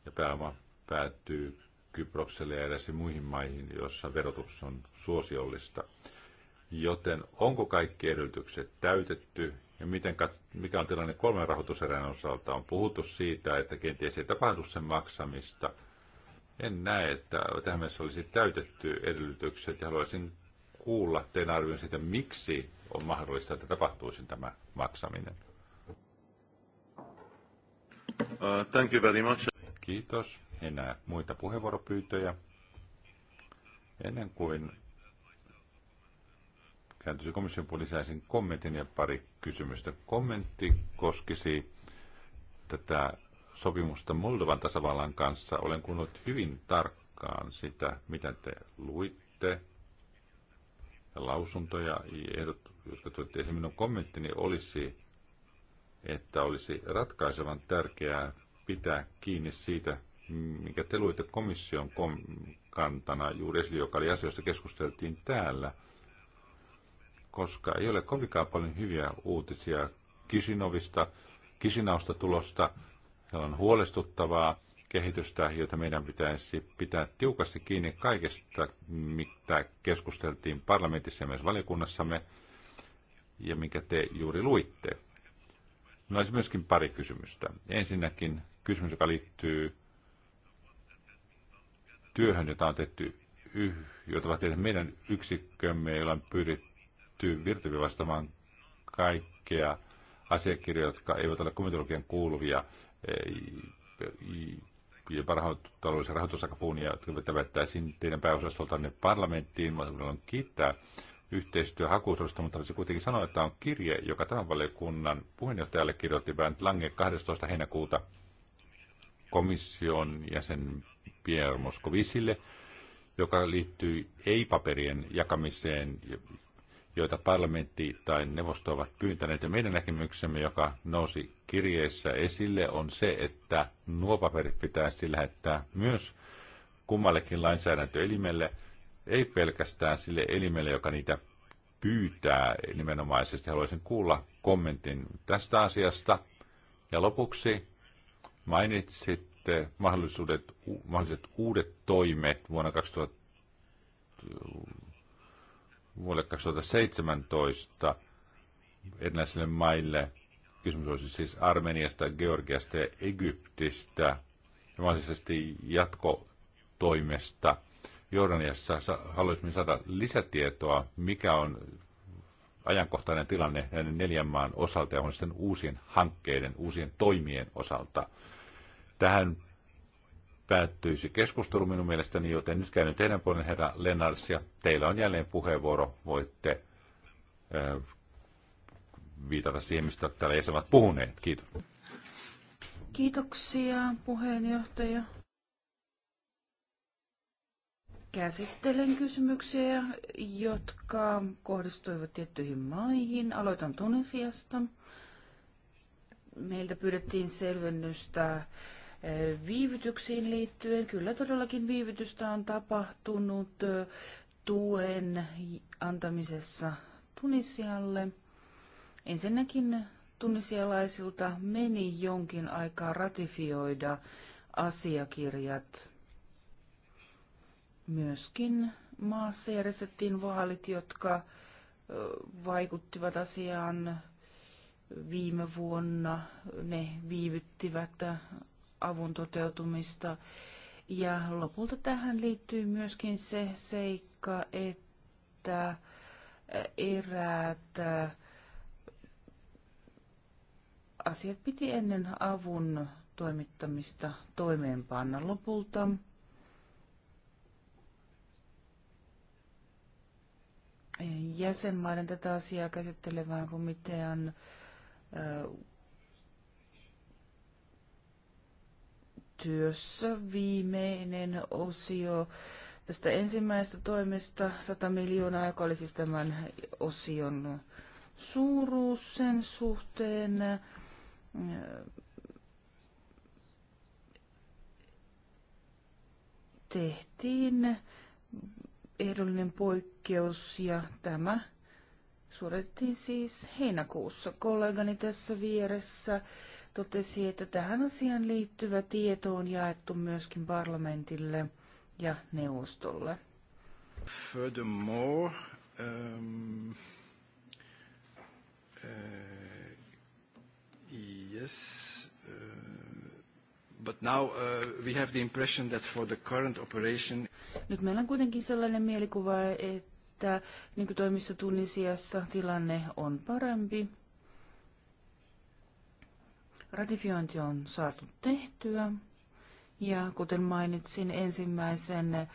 ja pääoma päättyy Kyprokselle ja edes muihin maihin, joissa verotus on suosiollista. Joten onko kaikki edellytykset täytetty ja miten, mikä on tilanne kolmen rahoituserän osalta? On puhuttu siitä, että kenties ei tapahdu sen maksamista. En näe, että tähän mennessä olisi täytetty edellytykset ja haluaisin kuulla teidän arvion siitä, miksi on mahdollista, että tapahtuisi tämä maksaminen. Uh, thank you very much. Kiitos enää muita puheenvuoropyyntöjä. Ennen kuin kääntyisin komission puolisäisin kommentin ja pari kysymystä. Kommentti koskisi tätä sopimusta Moldovan tasavallan kanssa. Olen kuunnellut hyvin tarkkaan sitä, mitä te luitte ja lausuntoja. Ehdot, jotka tuotte esiin, minun kommenttini olisi, että olisi ratkaisevan tärkeää pitää kiinni siitä minkä te luitte komission kom- kantana juuri esille, joka oli asioista keskusteltiin täällä, koska ei ole kovinkaan paljon hyviä uutisia Kisinovista, Kisinausta tulosta. Siellä on huolestuttavaa kehitystä, jota meidän pitäisi pitää tiukasti kiinni kaikesta, mitä keskusteltiin parlamentissa ja myös valiokunnassamme ja minkä te juuri luitte. Minulla no olisi myöskin pari kysymystä. Ensinnäkin kysymys, joka liittyy työhön, jota on tehty, jota on tehty meidän yksikkömme, jolla on pyritty virtuvivastamaan kaikkea asiakirjoja, jotka eivät ole komitologian kuuluvia, jopa taloudellisen ja jotka sinne teidän pääosastoltanne parlamenttiin. Mä haluan kiittää yhteistyöhakuisuudesta, mutta haluaisin kuitenkin sanoa, että on kirje, joka tämän valiokunnan puheenjohtajalle kirjoitti Bernd Lange 12. heinäkuuta komission jäsen Pierre Moscovisille, joka liittyy ei-paperien jakamiseen, joita parlamentti tai neuvosto ovat pyyntäneet. Ja meidän näkemyksemme, joka nousi kirjeessä esille, on se, että nuo paperit pitäisi lähettää myös kummallekin lainsäädäntöelimelle, ei pelkästään sille elimelle, joka niitä pyytää nimenomaisesti. Haluaisin kuulla kommentin tästä asiasta. Ja lopuksi mainitsit sitten mahdollisuudet, mahdolliset uudet toimet vuonna 2000, vuodelle 2017 erinäisille maille. Kysymys olisi siis Armeniasta, Georgiasta ja Egyptistä ja mahdollisesti jatkotoimesta. Jordaniassa haluaisimme saada lisätietoa, mikä on ajankohtainen tilanne näiden neljän maan osalta ja on sitten uusien hankkeiden, uusien toimien osalta. Tähän päättyisi keskustelu minun mielestäni, joten nyt käyn teidän puolen herra Lennars ja teillä on jälleen puheenvuoro. Voitte viitata siihen, mistä täällä jäsenet puhuneet. Kiitos. Kiitoksia puheenjohtaja. Käsittelen kysymyksiä, jotka kohdistuivat tiettyihin maihin. Aloitan Tunisiasta. Meiltä pyydettiin selvennystä viivytyksiin liittyen. Kyllä todellakin viivytystä on tapahtunut tuen antamisessa Tunisialle. Ensinnäkin tunisialaisilta meni jonkin aikaa ratifioida asiakirjat. Myöskin maassa järjestettiin vaalit, jotka vaikuttivat asiaan viime vuonna. Ne viivyttivät avun toteutumista. Ja lopulta tähän liittyy myöskin se seikka, että eräät asiat piti ennen avun toimittamista toimeenpanna lopulta. jäsenmaiden tätä asiaa käsittelevään komitean työssä. Viimeinen osio tästä ensimmäisestä toimesta, 100 miljoonaa, joka oli siis tämän osion suuruus sen suhteen. Tehtiin ehdollinen poikkeus ja tämä suoritettiin siis heinäkuussa. Kollegani tässä vieressä totesi, että tähän asiaan liittyvä tieto on jaettu myöskin parlamentille ja neuvostolle. Furthermore, um, uh, euh, yes, uh, but now uh, we have the impression that for the current operation... Nyt meillä on kuitenkin sellainen mielikuva, että nykytoimissa niin Tunisiassa tilanne on parempi Ratifiointi on saatu tehtyä ja kuten mainitsin ensimmäisen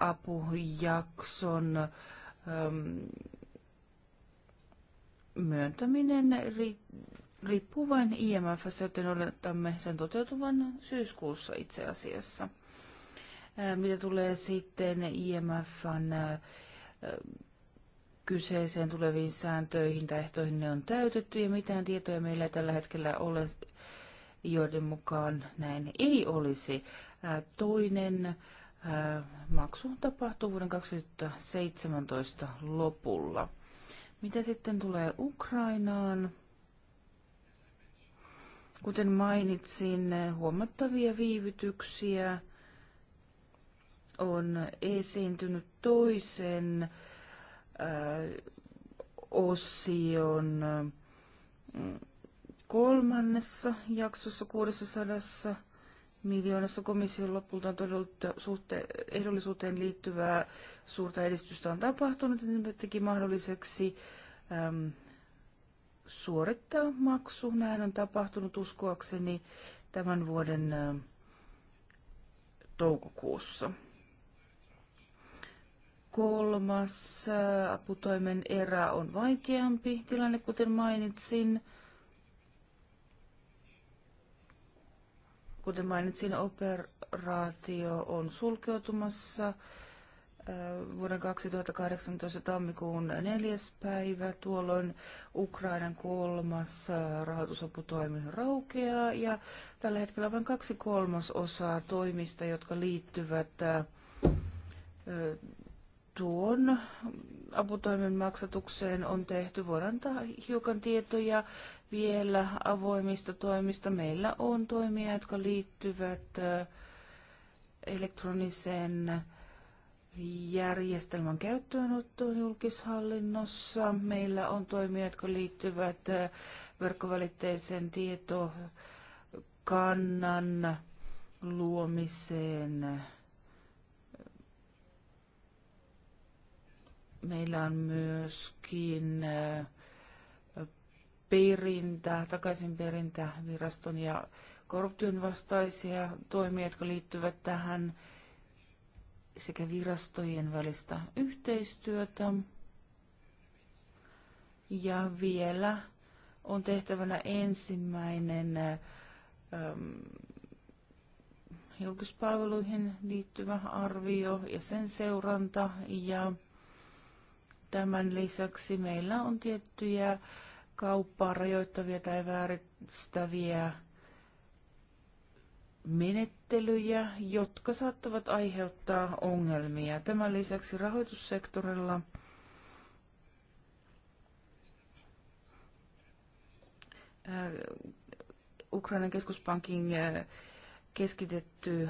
apujakson myöntäminen riippuu vain IMF, joten odotamme sen toteutuvan syyskuussa itse asiassa. Mitä tulee sitten IMFn kyseeseen tuleviin sääntöihin tai ehtoihin ne on täytetty ja mitään tietoja meillä ei tällä hetkellä ole, joiden mukaan näin ei olisi. Toinen maksu tapahtuu vuoden 2017 lopulla. Mitä sitten tulee Ukrainaan? Kuten mainitsin, huomattavia viivytyksiä on esiintynyt toisen osion kolmannessa jaksossa 600 miljoonassa komission lopulta on todella suhte- ehdollisuuteen liittyvää suurta edistystä on tapahtunut, niin teki mahdolliseksi äm, suorittaa maksu. Näin on tapahtunut uskoakseni tämän vuoden ä, toukokuussa. Kolmas aputoimen erä on vaikeampi tilanne, kuten mainitsin. Kuten mainitsin, operaatio on sulkeutumassa vuoden 2018 tammikuun neljäs päivä. Tuolloin Ukrainan kolmas rahoitusaputoimi raukeaa ja tällä hetkellä vain kaksi kolmasosaa toimista, jotka liittyvät tuon aputoimen maksatukseen on tehty. Voidaan antaa hiukan tietoja vielä avoimista toimista. Meillä on toimia, jotka liittyvät elektroniseen järjestelmän käyttöönottoon julkishallinnossa. Meillä on toimia, jotka liittyvät verkkovälitteisen tietokannan luomiseen Meillä on myöskin perintä, takaisinperintä viraston ja korruption vastaisia toimia, jotka liittyvät tähän sekä virastojen välistä yhteistyötä. Ja vielä on tehtävänä ensimmäinen julkispalveluihin liittyvä arvio ja sen seuranta ja Tämän lisäksi meillä on tiettyjä kauppaa rajoittavia tai vääristäviä menettelyjä, jotka saattavat aiheuttaa ongelmia. Tämän lisäksi rahoitussektorilla äh, Ukrainan keskuspankin äh, keskitetty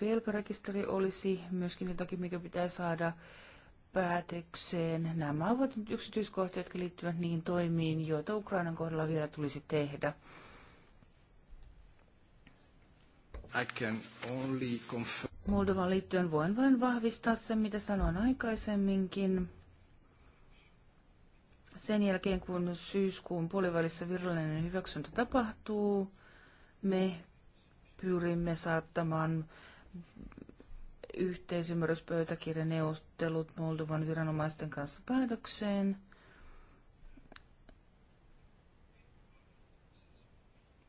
velkarekisteri olisi myöskin jotakin, mikä pitää saada päätökseen. Nämä ovat nyt yksityiskohtia, jotka liittyvät niihin toimiin, joita Ukrainan kohdalla vielä tulisi tehdä. I can only confirm. Moldovan liittyen voin vain vahvistaa sen, mitä sanoin aikaisemminkin. Sen jälkeen, kun syyskuun puolivälissä virallinen hyväksyntä tapahtuu, me pyrimme saattamaan yhteisymmärryspöytäkirjaneuvottelut Moldovan viranomaisten kanssa päätökseen.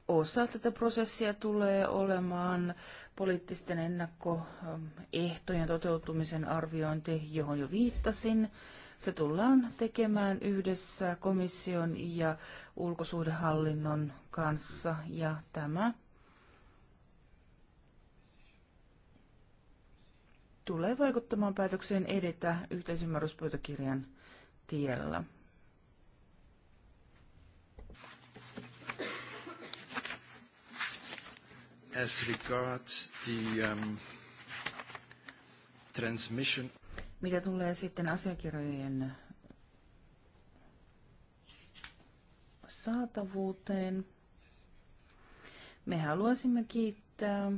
Osa tätä prosessia tulee olemaan poliittisten ennakkoehtojen toteutumisen arviointi, johon jo viittasin. Se tullaan tekemään yhdessä komission ja ulkosuhdehallinnon kanssa ja tämä tulee vaikuttamaan päätökseen edetä yhteisymmärryspöytäkirjan tiellä. As regards the um, transmission. Mitä tulee sitten asiakirjojen saatavuuteen, me haluaisimme kiittää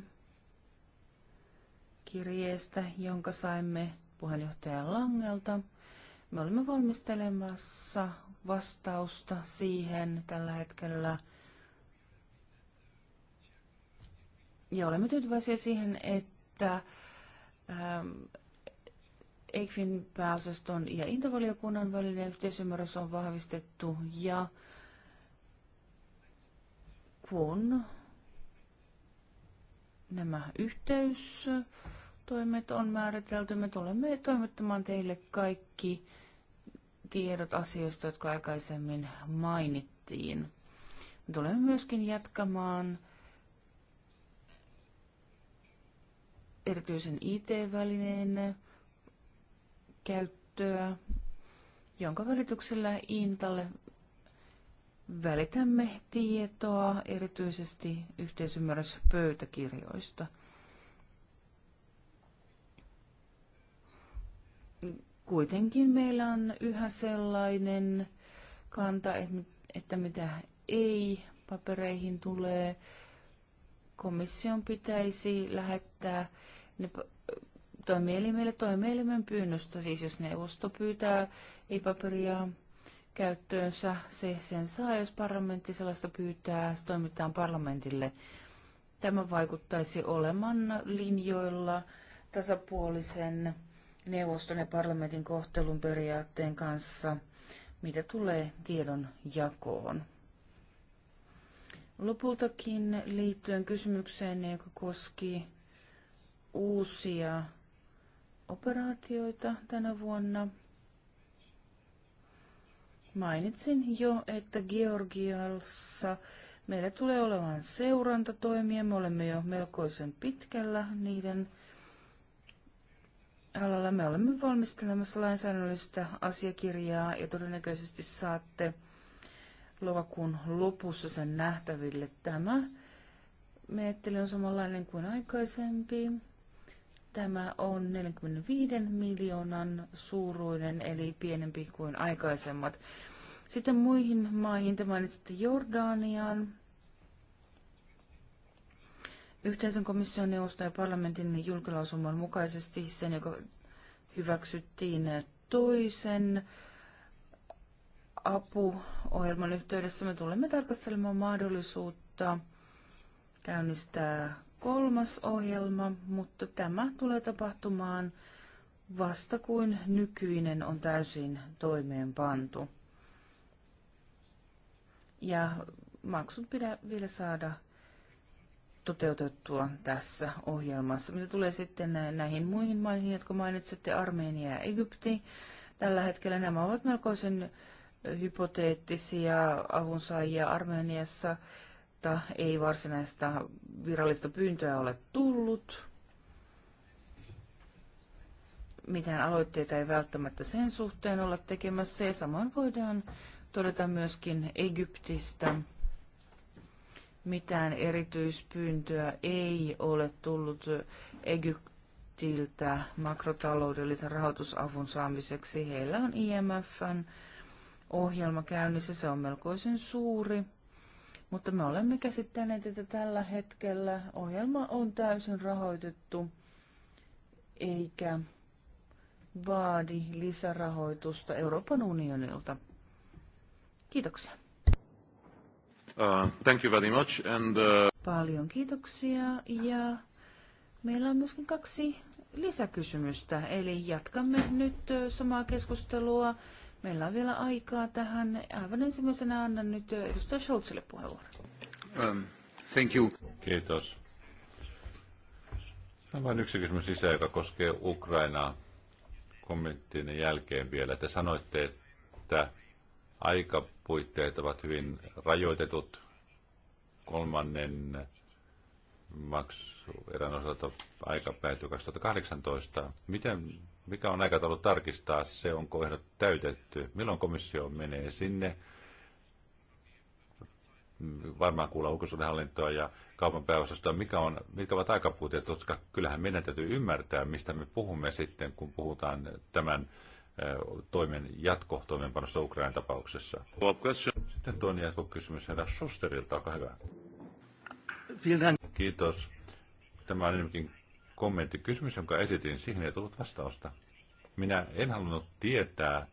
kirjeestä, jonka saimme puheenjohtaja Langelta. Me olemme valmistelemassa vastausta siihen tällä hetkellä. Ja olemme tyytyväisiä siihen, että ähm, ECFin pääosaston ja intovaliokunnan välinen yhteisymmärrys on vahvistettu ja kun nämä yhteys toimet on määritelty. Me tulemme toimittamaan teille kaikki tiedot asioista, jotka aikaisemmin mainittiin. Me tulemme myöskin jatkamaan erityisen IT-välineen käyttöä, jonka välityksellä Intalle välitämme tietoa erityisesti yhteisymmärryspöytäkirjoista – kuitenkin meillä on yhä sellainen kanta, että mitä ei papereihin tulee, komission pitäisi lähettää ne toimielimelle toimielimen pyynnöstä, siis jos neuvosto pyytää ei-paperia käyttöönsä, se sen saa, jos parlamentti sellaista pyytää, se toimitetaan parlamentille. Tämä vaikuttaisi oleman linjoilla tasapuolisen neuvoston ja parlamentin kohtelun periaatteen kanssa, mitä tulee tiedon jakoon. Lopultakin liittyen kysymykseen, joka koski uusia operaatioita tänä vuonna, mainitsin jo, että Georgiassa meillä tulee olemaan seurantatoimia. Me olemme jo melkoisen pitkällä niiden alalla me olemme valmistelemassa lainsäädännöllistä asiakirjaa ja todennäköisesti saatte lokakuun lopussa sen nähtäville. Tämä menettely on samanlainen kuin aikaisempi. Tämä on 45 miljoonan suuruinen, eli pienempi kuin aikaisemmat. Sitten muihin maihin, te mainitsitte Jordanian. Yhteisen komission neuvosto ja parlamentin julkilausuman mukaisesti sen, joka hyväksyttiin toisen apuohjelman yhteydessä, me tulemme tarkastelemaan mahdollisuutta käynnistää kolmas ohjelma, mutta tämä tulee tapahtumaan vasta kuin nykyinen on täysin toimeenpantu. Ja maksut pitää vielä saada toteutettua tässä ohjelmassa. Mitä tulee sitten näihin muihin maihin, jotka mainitsette, Armeenia ja Egypti, tällä hetkellä nämä ovat melkoisen hypoteettisia avunsaajia Armeniassa, että ei varsinaista virallista pyyntöä ole tullut. Mitään aloitteita ei välttämättä sen suhteen olla tekemässä ja samoin voidaan todeta myöskin Egyptistä mitään erityispyyntöä ei ole tullut Egyptiltä makrotaloudellisen rahoitusavun saamiseksi. Heillä on IMFn ohjelma käynnissä, se on melkoisen suuri. Mutta me olemme käsittäneet, että tällä hetkellä ohjelma on täysin rahoitettu eikä vaadi lisärahoitusta Euroopan unionilta. Kiitoksia. Uh, thank you very much. And, uh... Paljon kiitoksia ja meillä on myöskin kaksi lisäkysymystä, eli jatkamme nyt samaa keskustelua. Meillä on vielä aikaa tähän. Aivan ensimmäisenä annan nyt edustaja Schultzille puheenvuoron. Um, thank you. Kiitos. On vain yksi kysymys sisään, joka koskee Ukrainaa. Kommenttien jälkeen vielä. Te sanoitte, että aika puitteet ovat hyvin rajoitetut. Kolmannen maksu erän osalta aika päätyy 2018. Miten, mikä on aikataulu tarkistaa se, onko ehdot täytetty? Milloin komissio menee sinne? varmaan kuulla ulkosuudenhallintoa ja kaupan pääosastoa, mikä on, mitkä ovat aikapuutteet, koska kyllähän meidän täytyy ymmärtää, mistä me puhumme sitten, kun puhutaan tämän toimen jatko toimeenpanossa Ukrainan tapauksessa. Sitten toinen jatkokysymys herra Schusterilta, olkaa hyvä. Kiitos. Tämä on enemmänkin kommentti. Kysymys, jonka esitin, siihen ei tullut vastausta. Minä en halunnut tietää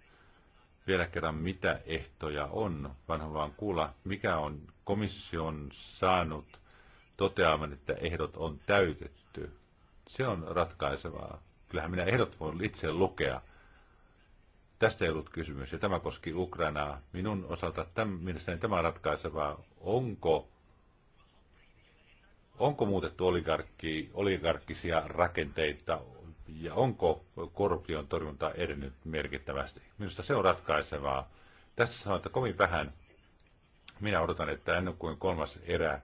vielä kerran, mitä ehtoja on, vaan haluan kuulla, mikä on komission saanut toteamaan, että ehdot on täytetty. Se on ratkaisevaa. Kyllähän minä ehdot voin itse lukea, Tästä ei ollut kysymys, ja tämä koski Ukrainaa. Minun osalta tämän, mielestäni tämä on ratkaisevaa. Onko, onko muutettu oligarkki, oligarkkisia rakenteita ja onko korruption torjunta edennyt merkittävästi? Minusta se on ratkaisevaa. Tässä sanotaan, että kovin vähän. Minä odotan, että ennen kuin kolmas erä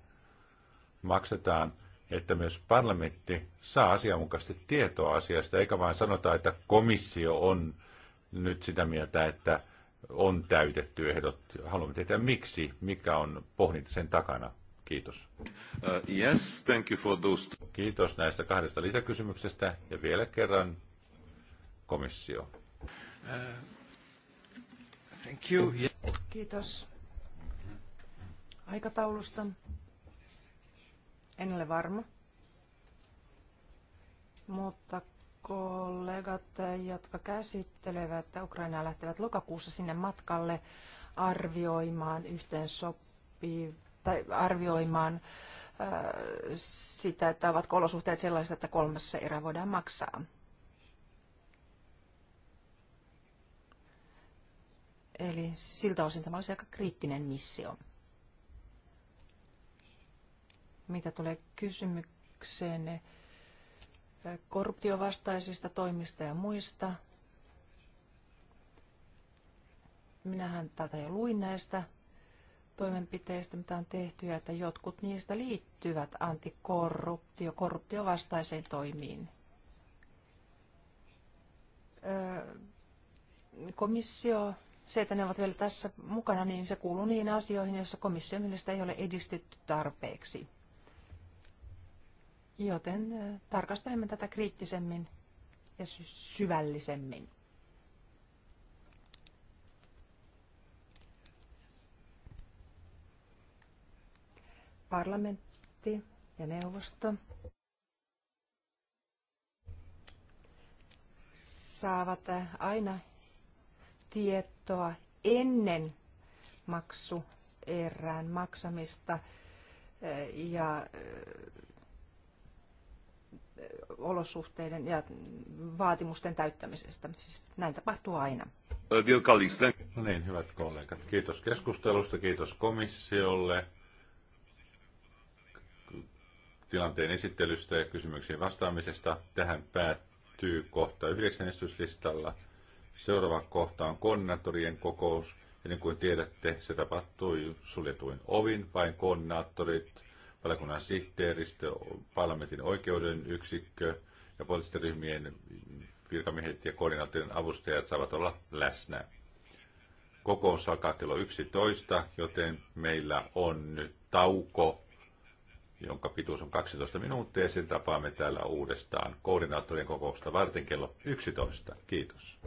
maksetaan, että myös parlamentti saa asianmukaisesti tietoa asiasta, eikä vain sanota, että komissio on nyt sitä mieltä, että on täytetty ehdot. Haluamme tietää miksi, mikä on pohdinta sen takana. Kiitos. Uh, yes, thank you for those. Kiitos näistä kahdesta lisäkysymyksestä ja vielä kerran komissio. Uh, thank you. Yeah. Kiitos aikataulusta. En ole varma, mutta kollegat, jotka käsittelevät Ukrainaa, lähtevät lokakuussa sinne matkalle arvioimaan yhteen tai arvioimaan äh, sitä, että ovat olosuhteet sellaiset, että kolmessa erä voidaan maksaa. Eli siltä osin tämä olisi aika kriittinen missio. Mitä tulee kysymykseen, korruptiovastaisista toimista ja muista. Minähän tätä jo luin näistä toimenpiteistä, mitä on tehty, ja että jotkut niistä liittyvät antikorruptio, korruptiovastaisiin toimiin. komissio, se, että ne ovat vielä tässä mukana, niin se kuuluu niihin asioihin, joissa komission mielestä ei ole edistetty tarpeeksi. Joten tarkastelemme tätä kriittisemmin ja syvällisemmin. Parlamentti ja neuvosto saavat aina tietoa ennen maksuerään maksamista ja olosuhteiden ja vaatimusten täyttämisestä. Siis näin tapahtuu aina. No niin, hyvät kollegat. Kiitos keskustelusta, kiitos komissiolle tilanteen esittelystä ja kysymyksiin vastaamisesta. Tähän päättyy kohta esityslistalla. Seuraava kohta on koordinaattorien kokous. Ja niin kuin tiedätte, se tapahtui suljetuin ovin, vain koordinaattorit valiokunnan sihteeristö, parlamentin oikeuden yksikkö ja poliittisten ryhmien virkamiehet ja koordinaattorien avustajat saavat olla läsnä. Kokous alkaa kello 11, joten meillä on nyt tauko, jonka pituus on 12 minuuttia, ja sitten tapaamme täällä uudestaan koordinaattorien kokousta varten kello 11. Kiitos.